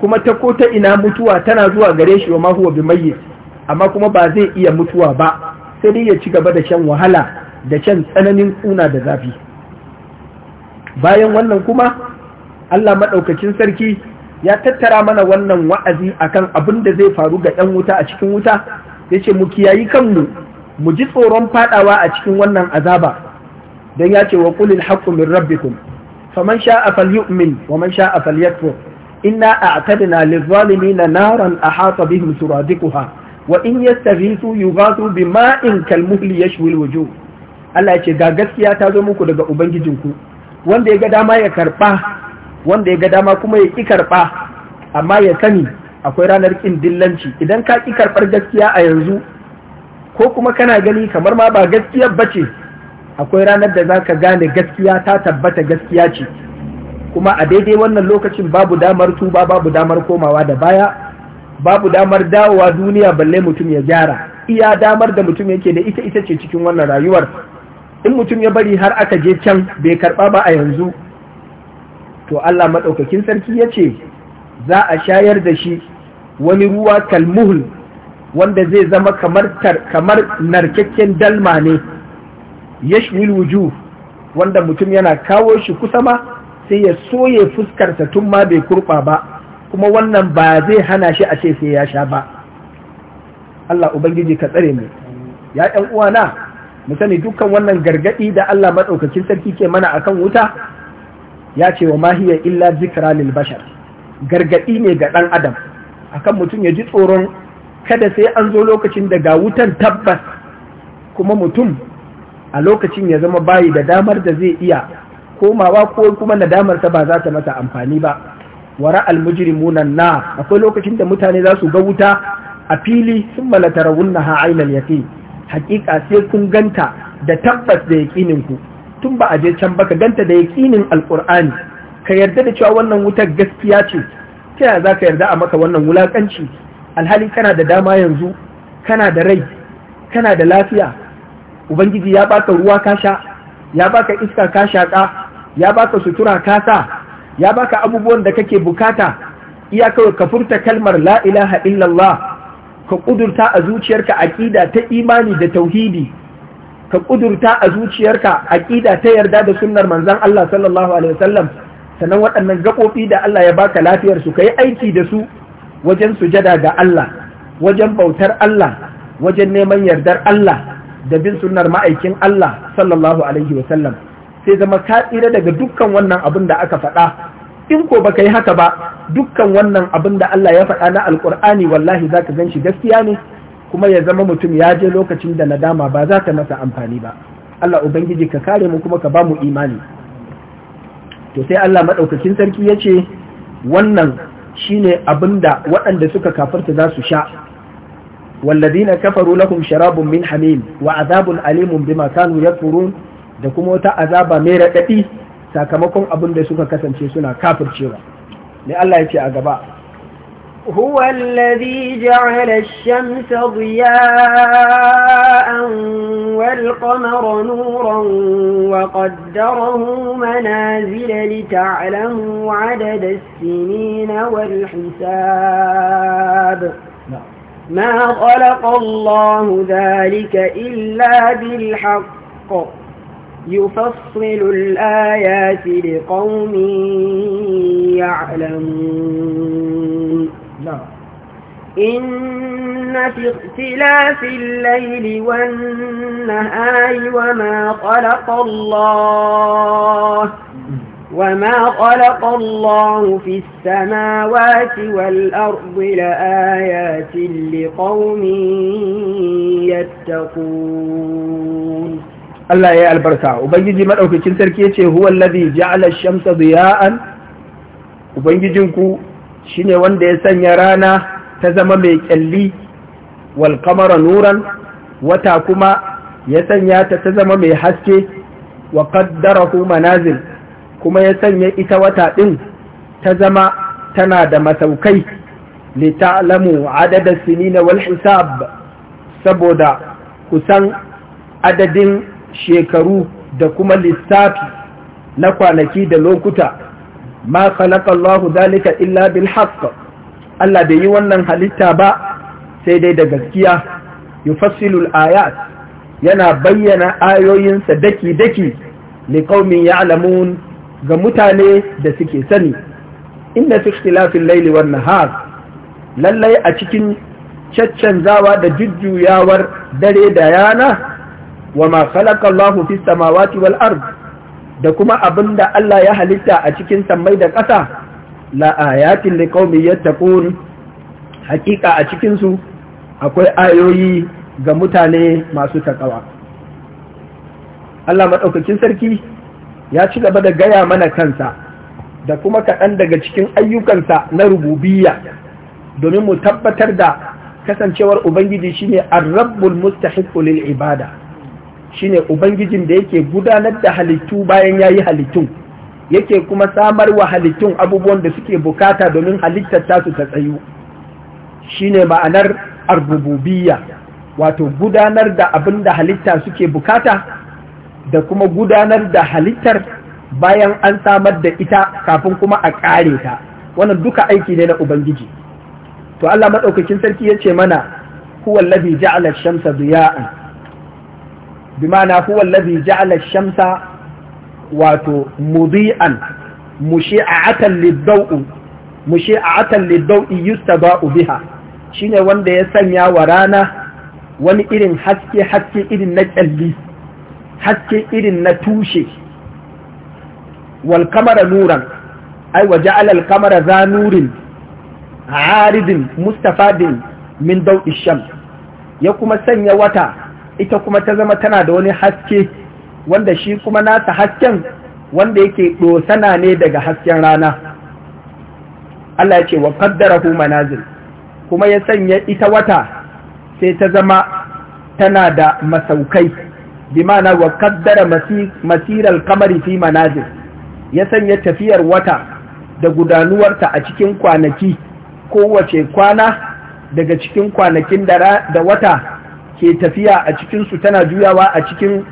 kuma ta ko ta ina mutuwa tana zuwa gare shi wa ma huwa bimayyit amma kuma ba zai iya mutuwa ba sai dai ya ci gaba da shan wahala da shan tsananin kuna da zafi bayan wannan kuma Allah maɗaukacin sarki ya tattara mana wannan wa'azi a kan abin da zai faru ga 'yan wuta a cikin wuta ya ce mu kiyayi kanmu mu ji tsoron faɗawa a cikin wannan azaba don ya ce wa ƙulil haqqu min rabbikum faman sha'a falyu'min wa man sha'a falyakfur inna a'tadna na naran ahata bihim suradikuha. wa in su bi bima'in kalmuhli yashwi alwujuh Allah ya ce ga gaskiya ta zo muku daga ubangijinku wanda ya ga dama ya karɓa. wanda ya ga dama kuma ya ƙi karɓa amma ya sani akwai ranar ƙin dillanci idan ka ƙi karɓar gaskiya a yanzu ko kuma kana gani kamar ma ba gaskiya bace akwai ranar da za ka gane gaskiya ta tabbata gaskiya ce kuma a daidai wannan lokacin babu damar tuba babu damar komawa da baya babu damar dawowa duniya balle mutum ya gyara iya damar da mutum yake da ita ita ce cikin wannan rayuwar in mutum ya bari har aka je can bai karɓa ba a yanzu to Allah maɗaukakin sarki ya ce za a shayar da shi wani ruwa kalmuhul wanda zai zama kamar narkakken dalma ne ya wuju wanda mutum yana kawo shi kusa ma sai ya soye fuskarsa tun ma bai kurɓa ba kuma wannan ba zai hana shi a ce sai ya sha ba Allah ubangiji ka tsare mu ya ƴan uwana mu sani dukkan wannan gargaɗi da Allah madaukakin sarki ke mana akan wuta ya ce wa mahiyar illa zikira lil gargaɗi ne ga ɗan adam akan mutum ya ji tsoron kada sai an zo lokacin da ga wutan tabbas kuma mutum a lokacin ya zama bayi da damar da zai iya komawa ko kuma nadamarsa ba za ta masa amfani ba wara almujrimuna na akwai lokacin da mutane za su ga wuta a fili sun malatarawunna ha ainal yaqin hakika sai kun ganta da tabbas da yaqinin ku tun ba a je can ba ka ganta da yaƙinin alƙur'ani ka yarda da cewa wannan wutar gaskiya ce ta yaya za ka yarda a maka wannan wulaƙanci alhali kana da dama yanzu kana da rai kana da lafiya ubangiji ya baka ruwa ka sha ya baka iska ka shaƙa ya baka sutura ka sa ya baka abubuwan da kake bukata iya kawai ka furta kalmar la ilaha illallah ka ƙudurta a zuciyarka aƙida ta imani da tauhidi ka kudurta a zuciyarka aƙida ta yarda da sunnar manzon Allah sallallahu alaihi wasallam sannan waɗannan gaɓoɓi da Allah ya baka lafiyar su kai aiki da su wajen sujada ga Allah wajen bautar Allah wajen neman yardar Allah da bin sunnar ma'aikin Allah sallallahu alaihi wasallam sai zama ka tsira daga dukkan wannan abin da aka faɗa in ko baka yi haka ba dukkan wannan abin da Allah ya faɗa na alkur'ani wallahi zaka gan shi gaskiya ne kuma ya zama mutum ya je lokacin da nadama ba za ta masa amfani ba Allah ubangiji ka kare mu kuma ka ba mu imani to sai Allah maɗaukacin sarki ya ce wannan shine abinda waɗanda suka kafarta za su sha walladina kafaru lahum sharabun min hamim wa azabun alimun bima kanu yakfurun da kuma wata azaba mai raɗaɗi sakamakon abin da suka kasance suna kafircewa ne Allah ya ce a gaba هو الذي جعل الشمس ضياء والقمر نورا وقدره منازل لتعلموا عدد السنين والحساب نعم. ما خلق الله ذلك إلا بالحق يفصل الآيات لقوم يعلمون نعم. إن في اختلاف الليل والنهار وما خلق الله وما خلق الله في السماوات والأرض لآيات لقوم يتقون الله يا البركة وبنجي مرأة في تلسر هو الذي جعل الشمس ضياء وبنجي جنكو shine wanda ya sanya rana ta zama mai kyalli wal kamara nuran wata kuma ya sanya ta ta zama mai haske wa qaddarahu manazil kuma ya sanya ita wata din ta zama tana da masaukai li ta'lamu adada sinina wal hisab saboda kusan adadin shekaru da kuma lissafi na kwanaki da lokuta ma khalaqa Allahu zalika illa bil haqq Allah bai yi wannan halitta ba sai dai da gaskiya yufassilu al-ayat yana bayyana ayoyinsa daki daki li qaumin ya'lamun ga mutane da suke sani inna fi ikhtilafil layli wan nahar lallai a cikin caccanzawa da jujjuyawar dare da yana wa ma khalaqa Allahu fis samawati wal ardh da kuma abin da Allah ya halitta a cikin sammai da ƙasa la ayatin liqaumin yattaqun hakika a cikinsu, akwai ayoyi ga mutane masu taƙawa. Allah maɗaukakin sarki ya ci gaba da gaya mana kansa da kuma kaɗan daga cikin ayyukansa na rububiya, domin mu tabbatar da kasancewar ubangiji shine ar-rabbul lil ibada shine ubangijin da yake gudanar da halittu bayan yayi halittun yake kuma samar wa halittun abubuwan da suke bukata domin halittar tasu ta tsayu shine ma'anar arbububiyya wato gudanar da abin da halitta suke bukata da kuma gudanar da halittar bayan an samar da ita kafin kuma a ƙare ta wannan duka aiki ne na ubangiji to Allah maɗaukakin sarki ya ce mana huwallazi ja'ala shamsa diya'an bimana huwa allazi ja'ala shamsa wato mudi'an mushe a dawi mushi'atan yusta dawi yustaba'u biha shine wanda ya sanya wa rana wani irin haske haske irin na kyalli haske irin na tushe wal kamara nuran ai wa ja'ala kamara za nurin aridin mustafadin min daw'i shams ya kuma sanya wata ita kuma ta zama tana da wani haske wanda shi kuma nasa hasken wanda yake ɗosana ne daga hasken rana Allah ya ce wa qaddarahu manazil kuma ya sanya ita wata sai ta zama tana da masaukai na wa qaddara masirar kamar fi manazil ya sanya tafiyar wata da gudanuwarta a cikin kwanaki kowace kwana daga cikin kwanakin da wata ke tafiya a cikinsu tana juyawa a cikin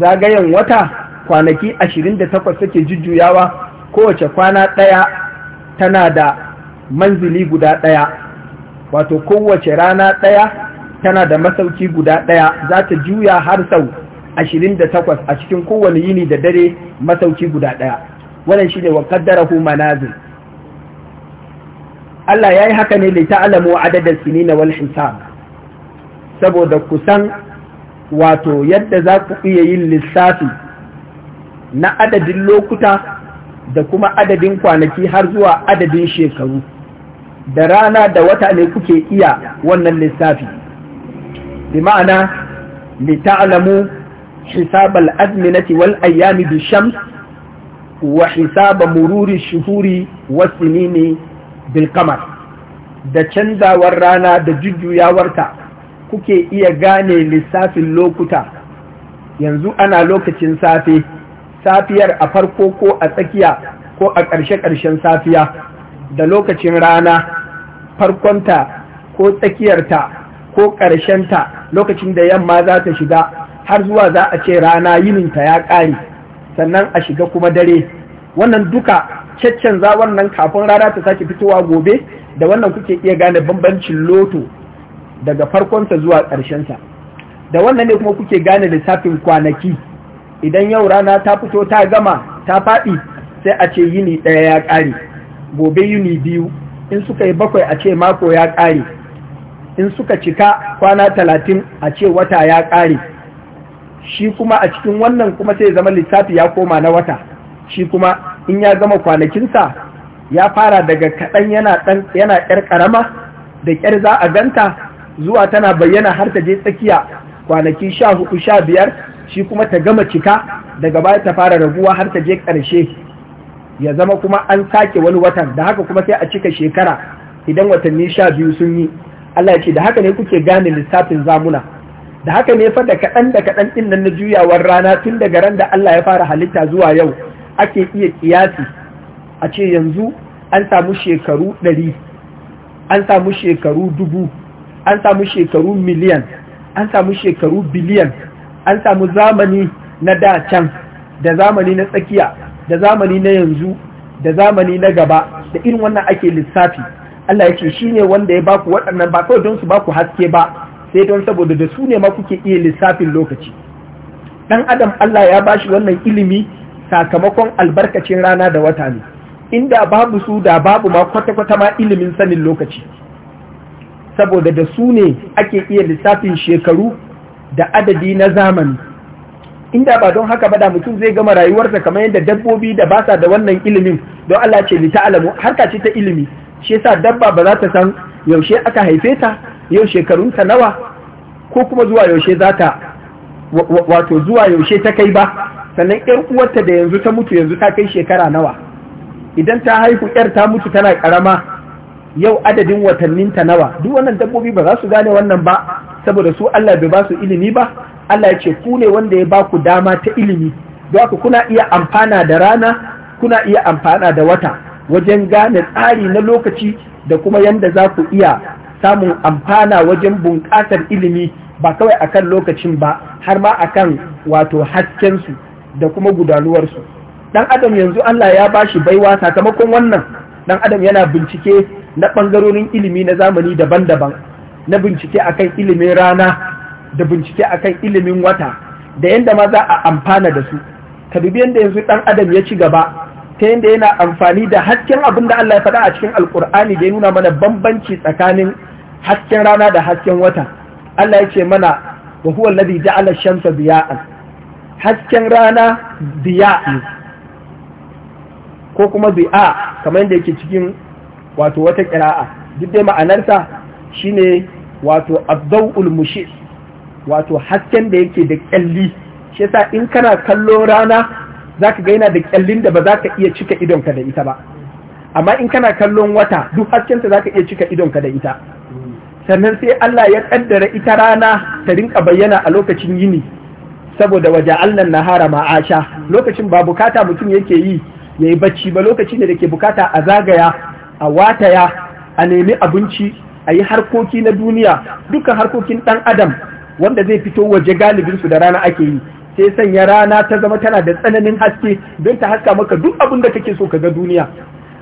zagayen wata kwanaki ashirin da takwas jujjuyawa kowace kwana ɗaya tana da manzili guda ɗaya wato kowace rana ɗaya tana da masauki guda ɗaya za ta juya har sau ashirin da takwas a cikin kowane yini da dare masauki guda ɗaya wannan shi ne wa manazil Allah ya yi haka ne lita alamu adadin sinina wal hisab saboda kusan wato yadda za ku iya yin lissafi na adadin lokuta da kuma adadin kwanaki har zuwa adadin shekaru da rana da wata ne kuke iya wannan lissafi bi ma'ana li ta'lamu hisab al-azminati wal ayyami bi shams wa hisab mururi shuhuri was sinini bil da canzawar rana da jujjuyawarta kuke iya gane lissafin lokuta yanzu ana lokacin safe safiyar a farko ko a tsakiya ko a ƙarshe-ƙarshen safiya da lokacin rana farkonta ko tsakiyarta ko ƙarshenta lokacin da yamma za ta shiga har zuwa za a ce rana yininta ya ƙare sannan a shiga kuma dare wannan duka caccanza wannan kafin rana ta sake fitowa gobe da wannan kuke iya gane bambancin loto daga farkonsa zuwa ƙarshensa da wannan ne kuma kuke gane lissafin kwanaki idan yau rana ta fito ta gama ta faɗi sai a ce yini ɗaya ya ƙare gobe yini biyu in suka yi bakwai a ce mako ya ƙare in suka cika kwana talatin a ce wata ya ƙare shi kuma a cikin wannan kuma sai zama lissafi ya koma na wata shi kuma in ya gama kwanakinsa ya fara daga kaɗan yana ɗan yana ƙarama da ƙyar za a ganta zuwa tana bayyana har ta je tsakiya kwanaki sha hudu sha biyar shi kuma ta gama cika daga baya ta fara raguwa har ta je ƙarshe ya zama kuma an sake wani watan da haka kuma sai a cika shekara idan watanni sha biyu sun yi Allah ya ce da haka ne kuke gane lissafin zamuna da haka ne fa da kaɗan da kaɗan ɗin nan na juyawar rana tun daga ran da Allah ya fara halitta zuwa yau ake iya kiyasi a ce yanzu an samu shekaru ɗari an samu shekaru dubu an samu shekaru miliyan an samu shekaru biliyan an samu zamani na da can da zamani na tsakiya da zamani na yanzu da zamani na gaba da irin wannan ake lissafi Allah ya ce shi ne wanda ya baku waɗannan ba kawai don su baku haske ba sai don saboda da su ne ma kuke iya lissafin lokaci ɗan adam Allah ya bashi wannan ilimi sakamakon albarkacin rana da wata ne inda babu su da babu ma kwata-kwata ma ilimin sanin lokaci saboda da su ne ake iya lissafin shekaru da adadi na zamani inda ba don haka ba da mutum zai gama rayuwarsa kamar yadda dabbobi da ba sa da wannan ilimin don Allah ce lita alamu harka ce ta ilimi shi yasa dabba ba za ta san yaushe aka haife ta yau shekarunta nawa ko kuma zuwa yaushe za ta wato zuwa yaushe ta kai ba sannan yar uwarta da yanzu ta mutu yanzu ta kai shekara nawa idan ta haihu yar ta mutu tana karama yau adadin watannin ta nawa duk wannan dabbobi ba za su gane wannan ba saboda su Allah bai ba su ilimi ba Allah ya ce ku ne wanda ya ba ku dama ta ilimi don haka kuna iya amfana da rana kuna iya amfana da wata wajen gane tsari na lokaci da kuma yanda za ku iya samun amfana wajen bunƙasar ilimi ba kawai akan lokacin ba har ma akan wato haskensu da kuma gudanuwarsu dan adam yanzu Allah ya bashi baiwa sakamakon wannan dan adam yana bincike na ɓangarorin ilimi na zamani daban-daban na bincike akan ilimin rana da bincike akan ilimin wata da yadda ma za a amfana da su ka dubi yadda yanzu ɗan adam ya ci gaba ta yadda yana amfani da hasken abin da Allah ya faɗa a cikin alkur'ani da ya nuna mana bambanci tsakanin hasken rana da hasken wata Allah ya ce mana wa huwa alladhi ja'ala shamsa diya'an hasken rana diya ko kuma bi'a kamar yadda yake cikin wato wata ƙira'a duk dai ma'anarsa shine wato azzawul mushi wato hasken da yake da kyalli shi yasa in kana kallo rana zaka ga yana da kyallin da ba za ka iya cika idon ka da ita ba amma in kana kallon wata duk haskensa za ka iya cika idon ka da ita sannan sai Allah ya kaddara ita rana ta rinka bayyana a lokacin yini saboda waje na nahara ma'asha lokacin ba bukata mutum yake yi ya bacci ba lokacin da ke bukata a zagaya a wataya a nemi abinci a yi harkoki na duniya dukkan harkokin ɗan adam wanda zai fito waje galibinsu da rana ake yi sai sanya rana ta zama tana da tsananin haske don ta haska maka duk abin da kake so ka ga duniya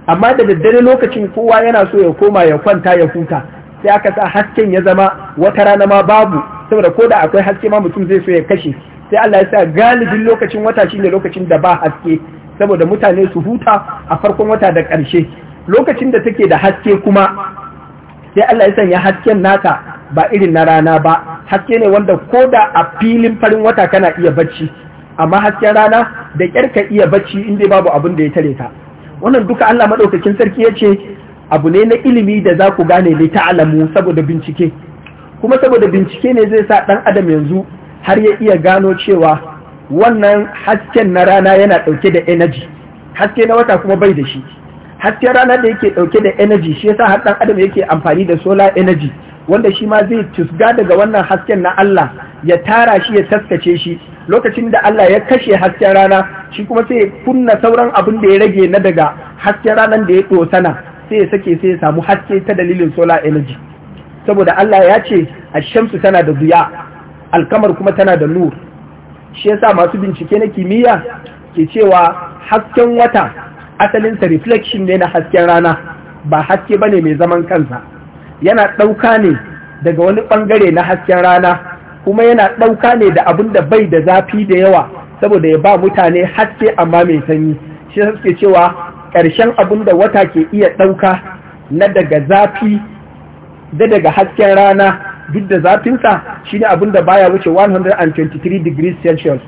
amma da daddare lokacin kowa yana so ya koma ya kwanta ya huta sai aka sa hasken ya zama wata rana ma babu saboda ko da akwai haske ma mutum zai so ya kashe sai Allah ya sa galibin lokacin wata shine lokacin da ba haske saboda mutane su huta a farkon wata da ƙarshe lokacin da take da haske kuma sai Allah ya sanya hasken naka ba irin na rana ba haske ne wanda ko da a filin farin wata kana iya bacci amma hasken rana da kyar ka iya bacci inda babu abin da ya tare ka wannan duka Allah madaukakin sarki ya ce abu ne na ilimi da za ku gane ne ta'alamu saboda bincike kuma saboda bincike ne zai sa dan adam yanzu har ya iya gano cewa wannan hasken na rana yana dauke da energy haske na wata kuma bai da shi hasken rana da yake ɗauke da energy shi yasa har dan adam yake amfani da solar energy wanda shi ma zai tusga daga wannan hasken na Allah ya tara shi ya taskace shi lokacin da Allah ya kashe hasken rana shi kuma sai kunna sauran abin da ya rage na daga hasken ranar da ya dosana sai ya sake sai ya samu haske ta dalilin solar energy saboda Allah ya ce ashamsu tana da duya alkamar kuma tana da nur shi yasa masu bincike na kimiyya ke cewa hasken wata asalinsa reflection ne na hasken rana ba haske ba ne mai zaman kansa yana ɗauka ne daga wani ɓangare na hasken rana kuma yana ɗauka ne da abin da bai da zafi da yawa saboda ya ba mutane haske amma mai sanyi shi suke cewa ƙarshen abin da wata ke iya ɗauka na daga zafi da daga hasken rana duk da zafinsa shine abin da baya wuce 123 degrees celsius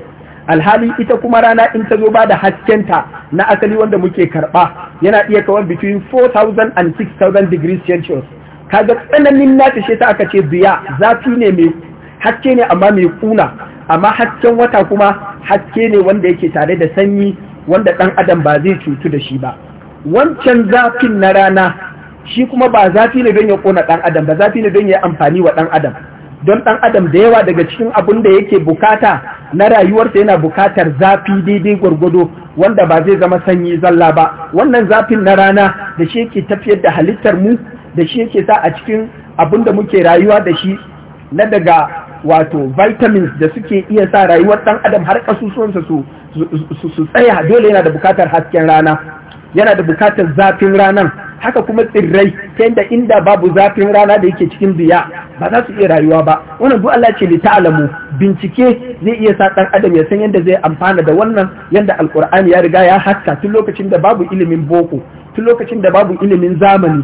alhali ita kuma rana in ta zo ba da haskenta na asali wanda muke karɓa yana iya kawar between 4000 and 6000 degrees celsius kaga tsananin nata shi ta aka ce biya zafi ne mai haske ne amma mai kuna amma hasken wata kuma haske ne wanda yake tare da sanyi wanda ɗan adam ba zai cutu da shi ba wancan zafin na rana shi kuma ba zafi ne don ya kona ɗan adam ba zafi ne don ya amfani wa ɗan adam don ɗan adam da yawa daga cikin abin da yake bukata na rayuwarsa yana bukatar zafi daidai gwargwado wanda ba zai zama sanyi zalla ba wannan zafin na rana da shi yake tafiyar da halittar mu da shi yake sa a cikin abin da muke rayuwa da shi na daga wato vitamins da suke iya sa rayuwar ɗan adam har kasusuwansa su su tsaya dole yana da bukatar hasken rana yana da bukatar zafin ranan haka kuma tsirrai ta yadda inda babu zafin rana da yake cikin biya ba za su iya rayuwa ba wannan duk Allah ce ta alamu. bincike zai iya sa dan adam ya san yadda zai amfana da wannan yadda alkur'ani ya riga ya haska tun lokacin da babu ilimin boko tun lokacin da babu ilimin zamani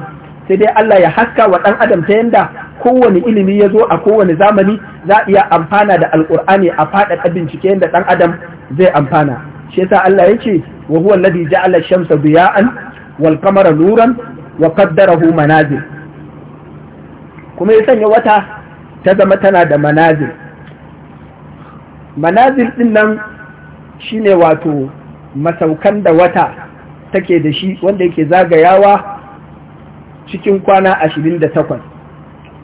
sai dai Allah ya haska wa ɗan adam ta yadda kowane ilimi ya zo a kowane zamani za a iya amfana da alkur'ani a faɗaɗa bincike yadda ɗan adam zai amfana shi yasa Allah ya ce wa huwa alladhi ja'ala shamsa diya'an wal nuran wa Kaddarahu manazil kuma ya sanya wata ta zama tana da manazil manazil din nan shine wato masaukan da wata take da shi wanda yake zagayawa cikin kwana ashirin da takwas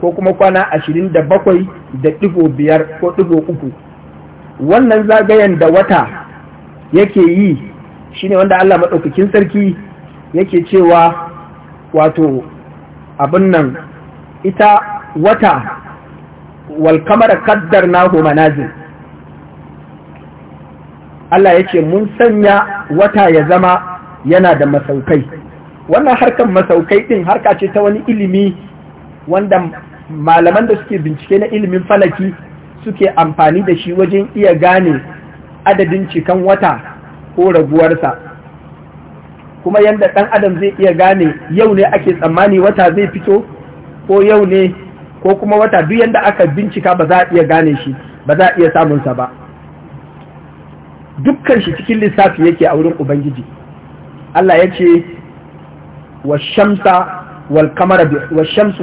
ko kuma kwana ashirin da bakwai da ɗigo biyar ko ɗigo uku wannan zagayen da wata yake yi shine wanda Allah maɗaukakin sarki yake cewa wato abin nan ita wata walkamar kaddar nahu manazin Allah ya ce mun sanya wata ya zama yana da masaukai wannan harkar masaukai ɗin harka ce ta wani ilimi wanda malaman da suke bincike na ilimin falaki suke amfani da shi wajen iya gane adadin cikan wata ko raguwarsa kuma yadda ɗan adam zai iya gane yau ne ake tsammani wata zai fito ko yau ne ko kuma wata duk yadda aka bincika ba za a iya gane shi ba za a iya samunsa ba dukkan shi cikin lissafi yake a wurin ubangiji Allah ya ce wa shamsu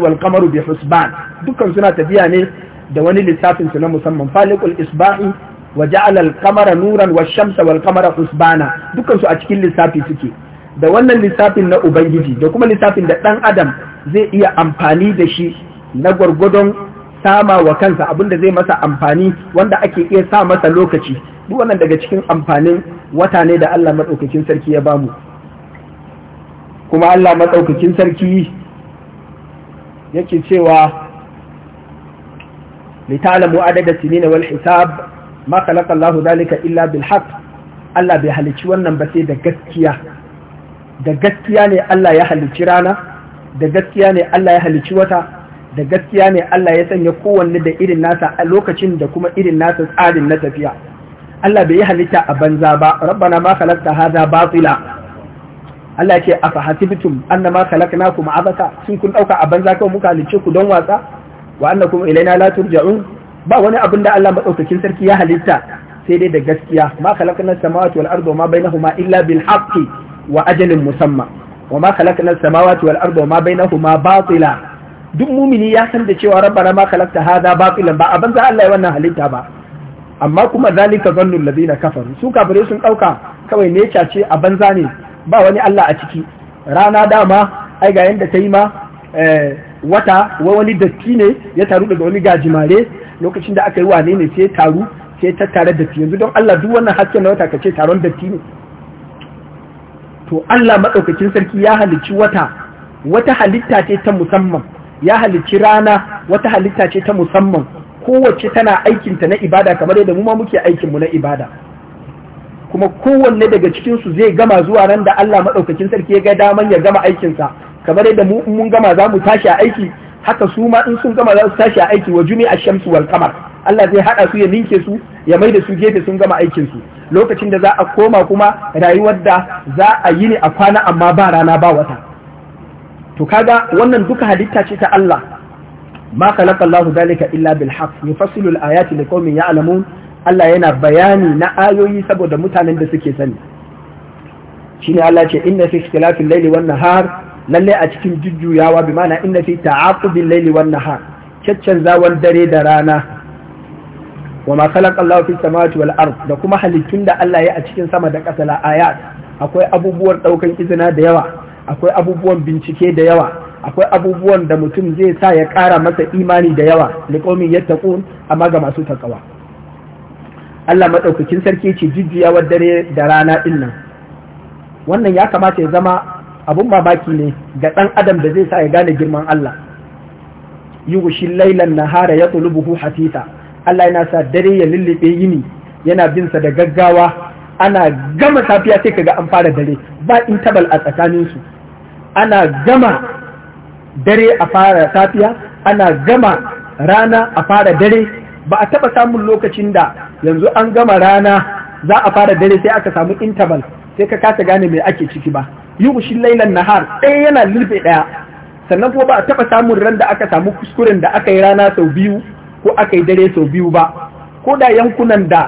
wal kamaru bi husban dukkan suna tafiya ne da wani lissafin su na musamman falikul isba'i wa ja'alal kamara nuran wa shamsa wal kamara husbana dukkan su a cikin lissafi suke da wannan lissafin na ubangiji da kuma lissafin da ɗan adam zai iya amfani da shi na gwargwadon sama wa kansa abinda zai masa amfani wanda ake iya sa masa lokaci duk wannan daga cikin amfanin wata ne da Allah maɗaukakin sarki ya bamu kuma Allah maɗaukakin sarki yake cewa litalamu adada na wal hisab ma khalaqa Allahu dalika illa bil Allah bai halicci wannan ba sai da gaskiya da gaskiya ne Allah ya halicci rana da gaskiya ne Allah ya halicci wata da gaskiya ne Allah ya sanya kowanne da irin nasa a lokacin da kuma irin nasa tsarin na tafiya Allah bai yi halitta a banza ba rabbana ma khalaqta hadha batila Allah ce afa hasibtum annama khalaqnakum abata sun kun dauka a banza kawai muka halicce ku don wasa wa annakum ilaina la turja'un ba wani abin da Allah madaukakin sarki ya halitta sai dai da gaskiya ma khalaqna samawati wal arda ma bainahuma illa bil haqqi wa ajalin musamma wa ma khalaqna as-samawati wal arda wa ma batila duk mumini ya san da cewa rabbana ma khalaqta hadha batilan ba abin za Allah ya wannan halitta ba amma kuma zalika zannu na kafaru su kafare sun dauka kawai ne ce a banza ne ba wani Allah a ciki rana dama ai ga yanda ta yi ma eh, wata wani datti ne ya taru daga wani gajimare lokacin da aka yi wane ne sai taru sai ta tattare datti yanzu don Allah duk wannan hasken na wata ka ce taron datti ne to Allah maɗaukakin sarki ya halicci wata wata halitta ce ta musamman ya halicci rana wata halitta ce ta musamman kowace tana aikinta na ibada kamar yadda mu ma muke aikinmu na ibada kuma kowanne daga cikin su zai gama zuwa nan da Allah maɗaukakin sarki ya ga daman ya gama aikinsa kamar yadda mu mun gama za mu tashi a aiki haka su ma in sun gama za su tashi a aiki wa juni a shamsu wal kamar Allah zai haɗa su ya ninke su ya mai da su gefe sun gama aikin su lokacin da za a koma kuma rayuwar da za a yi ne a kwana amma ba rana ba wata to kaga wannan duka halitta ce ta Allah ma khalaqa Allah zalika illa bil haqq yufassilu al ayati liqaumin ya'lamun Allah yana bayani na ayoyi saboda mutanen da suke sani shine Allah ce inna fi ikhtilafil layli wan nahar lalle a cikin jujjuyawa bi mana inna fi ta'aqubil layli wan nahar caccanzawan dare da rana wa ma khalaqa Allahu fi samawati wal ard da kuma halittun da Allah ya a cikin sama da ƙasa la ayat akwai abubuwan daukan izina da yawa akwai abubuwan bincike da yawa akwai abubuwan da mutum zai sa ya ƙara masa imani da yawa liqaumin yattaqun amma ga masu takawa Allah madaukakin sarki ce wa dare da rana dinnan wannan ya kamata ya zama abun mamaki ne ga dan adam da zai sa ya gane girman Allah yughshil laylan nahara yatlubuhu hatita Allah yana sa dare ya lullube yini yana bin sa da gaggawa ana gama safiya sai kaga an fara dare ba intabal a tsakanin su ana gama dare a fara safiya ana gama rana a fara dare ba a taba samun lokacin da yanzu an gama rana za a fara dare sai aka samu intabal sai ka kasa gane mai ake ciki ba yughshil lailan nahar ɗaya yana lulbe ɗaya sannan kuma ba a taɓa samun ran da aka samu kuskuren da aka yi rana sau biyu ko aka yi dare sau biyu ba ko da yankunan da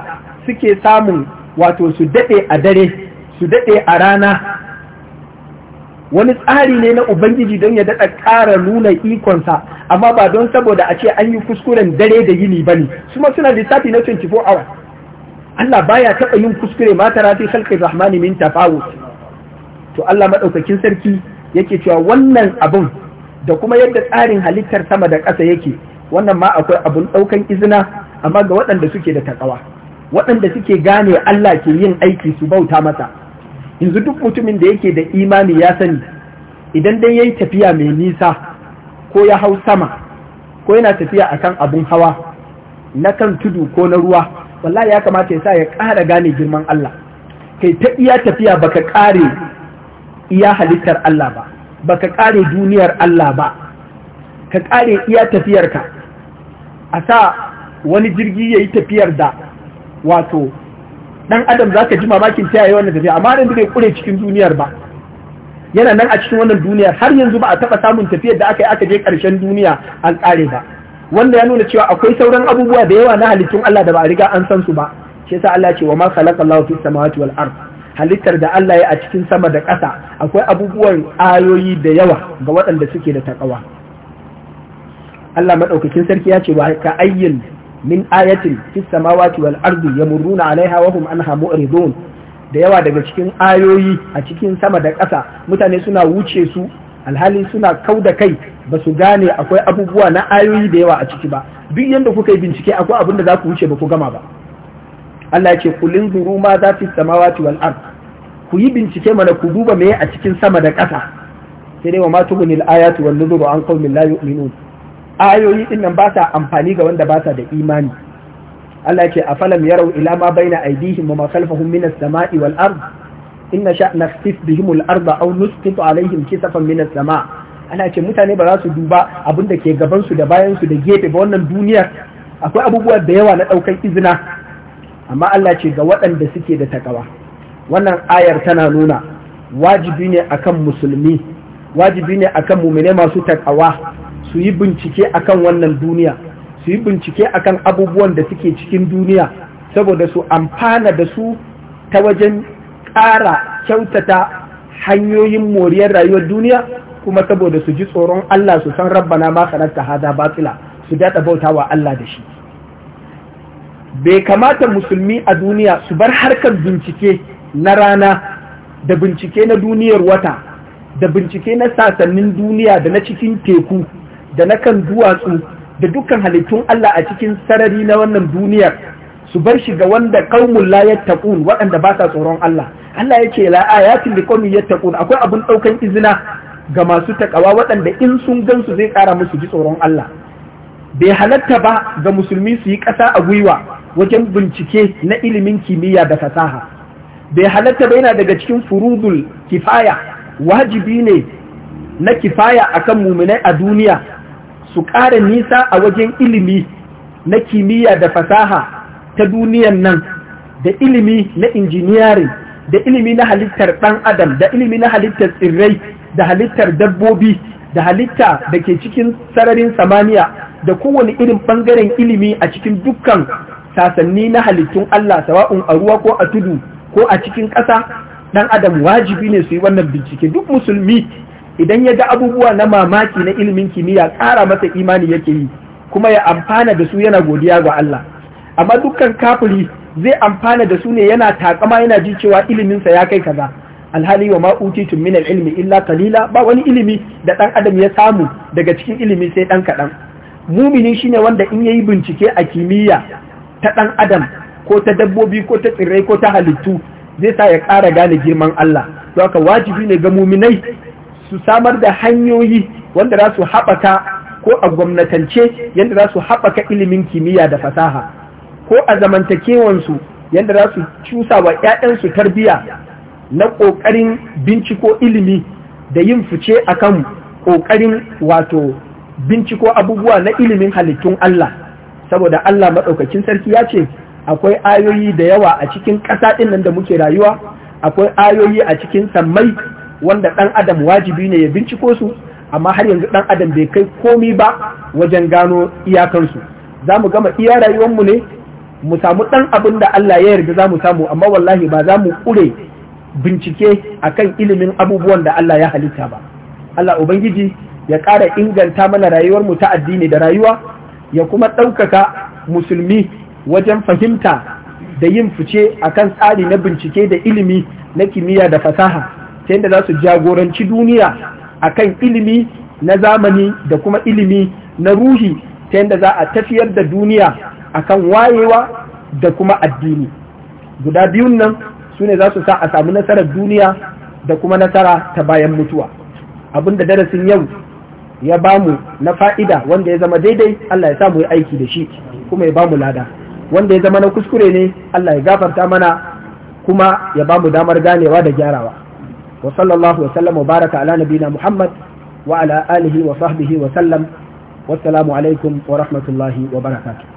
suke samun wato su daɗe a dare su daɗe a rana wani tsari ne na ubangiji don ya daɗa ƙara nuna ikonsa amma ba don saboda a ce an yi kuskuren dare da yini ba ne kuma suna lissafi na 24 awa. Allah baya taɓa yin kuskure ma ta rafi khalqi rahmani min to Allah maɗaukakin sarki yake cewa wannan abin da kuma yadda tsarin halittar sama da ƙasa yake wannan ma akwai abun ɗaukan izina amma ga waɗanda suke da takawa waɗanda suke gane Allah ke yin aiki su bauta masa yanzu duk mutumin da yake da imani ya sani idan dai yayi tafiya mai nisa ko ya hau sama ko yana tafiya akan abun hawa na kan tudu ko na ruwa wallahi ya kamata ya sa ya ƙara gane girman Allah kai ta iya tafiya baka ƙare iya halittar Allah ba baka ƙare duniyar Allah ba ka ƙare iya tafiyarka a sa wani jirgi ya yi tafiyar da wato dan adam za ka ji mamakin ta yi wannan tafiya amma dan bai kure cikin duniyar ba yana nan a cikin wannan duniyar har yanzu ba a taɓa samun tafiyar da aka yi aka je karshen duniya an kare ba wanda ya nuna cewa akwai sauran abubuwa da yawa na halittun Allah da ba a riga an san su ba shi yasa Allah ce wa ma khalaqallahu fis samawati wal ard halittar da Allah ya yi a cikin sama da ƙasa akwai abubuwan ayoyi da yawa ga waɗanda suke da takawa Allah madaukakin sarki ya ce wa ka ayyin min ayatin fis samawati wal ardi yamurruna alaiha wa hum anha mu'ridun da yawa daga cikin ayoyi a cikin sama da ƙasa mutane suna wuce su alhali suna kau da kai ba su gane akwai abubuwa na ayoyi da yawa a ciki ba duk yanda kuka yi bincike akwai abin da za ku wuce ba ku gama ba Allah ya ce kulin zuru ma za fi samawati wal ard ku yi bincike mana ku duba me a cikin sama da ƙasa sai dai wa ma ayatu wan nuzuru an qaumin la yu'minun ayoyi din nan ba sa amfani ga wanda ba sa da imani Allah ce afalam yarau ila ma baina aydihim wa ma khalfahum min as-sama'i wal ard inna sha naktif bihim al arda aw nusqit alaihim kisafan min as-sama' Allah ce mutane ba za su duba abin da ke gaban su da bayan su da gefe ba wannan duniya akwai abubuwa da yawa na ɗaukar izina amma Allah ce ga waɗanda suke da takawa wannan ayar tana nuna wajibi ne akan musulmi wajibi ne akan mumine masu takawa su yi bincike akan wannan duniya su yi bincike akan abubuwan da suke cikin duniya saboda su amfana da su ta wajen ƙara kyautata hanyoyin moriyar rayuwar duniya kuma saboda su ji tsoron Allah su san rabbana ma khalaqta hada batila su daɗa wa Allah da shi bai kamata musulmi a duniya su bar harkar bincike na rana da bincike na duniyar wata da bincike na sasannin duniya da na cikin teku da na kan duwatsu da dukkan halittun Allah a cikin sarari na wannan duniyar su bar shi ga wanda qaumun la yattaqun waɗanda ba sa tsoron Allah Allah yake la ayatin ya yattaqun akwai abun ɗaukan izina ga masu takawa waɗanda in sun gansu zai ƙara musu ji tsoron Allah bai halatta ba ga musulmi su yi ƙasa a gwiwa wajen bincike na ilimin kimiyya da fasaha bai halatta ba yana daga cikin furudul kifaya wajibi ne na kifaya akan muminai a duniya su ƙara nisa a wajen ilimi na kimiyya da fasaha ta duniyan nan da ilimi na injiniyarin da ilimi na halittar ɗan adam da ilimi na halittar tsirrai da halittar dabbobi da halitta da ke cikin sararin samaniya da kowane irin ɓangaren ilimi a cikin dukkan sasanni na halittun Allah sawa'un a ruwa ko a tudu ko a cikin ƙasa ɗan adam wajibi ne su yi wannan bincike duk musulmi idan ya ga abubuwa na mamaki na ilimin kimiyya ƙara masa imani yake yi kuma ya amfana da su yana godiya ga Allah amma dukkan kafiri zai amfana da su ne yana takama yana ji cewa iliminsa ya kai kaza alhali wa tun min ilmi illa kalila ba wani ilimi da ɗan adam ya samu daga cikin ilimi sai ɗan kaɗan. mumini shine wanda in yayi bincike a kimiyya ta ɗan adam ko ta dabbobi ko ta tsirrai ko ta halittu zai sa ya ƙara gane girman Allah don haka wajibi ne ga muminai su samar da hanyoyi wanda za su haɓaka ko a gwamnatance yadda za su haɓaka ilimin kimiyya da fasaha ko a zamantakewansu yadda za su cusa wa 'ya'yansu tarbiyya na ƙoƙarin binciko ilimi da yin fice a kan ƙoƙarin wato binciko abubuwa na ilimin halittun Allah saboda Allah maɗaukakin sarki ya ce akwai ayoyi da yawa a cikin ƙasa ɗin nan da muke rayuwa akwai ayoyi a cikin sammai wanda ɗan adam wajibi ne ya binciko su amma har yanzu ɗan adam bai kai komi ba wajen gano iyakansu za mu gama iya rayuwarmu ne mu samu ɗan abin da Allah ya yarda za mu samu amma wallahi ba za mu ƙure bincike a kan ilimin abubuwan da Allah ya halitta ba Allah ubangiji ya ƙara inganta mana rayuwarmu ta addini da rayuwa ya kuma ɗaukaka musulmi wajen fahimta da yin fice akan tsari na bincike da ilimi na kimiyya da fasaha ta yadda za su jagoranci duniya a kan ilimi na zamani da kuma ilimi na ruhi ta yadda za a tafiyar da duniya a kan wayewa da kuma addini guda biyun nan su ne za su sa a samu nasarar duniya da kuma nasara ta bayan mutuwa Abin da darasin yau ya bamu na fa'ida wanda ya zama daidai Allah ya samu ya aiki da shi kuma ya bamu lada wanda ya zama na kuskure ne Allah ya gafarta mana kuma ya bamu damar ganewa da gyarawa wa sallallahu wa wa baraka ala nabina muhammad wa ala alihi wa sallam alaikum wa rahmatullahi wa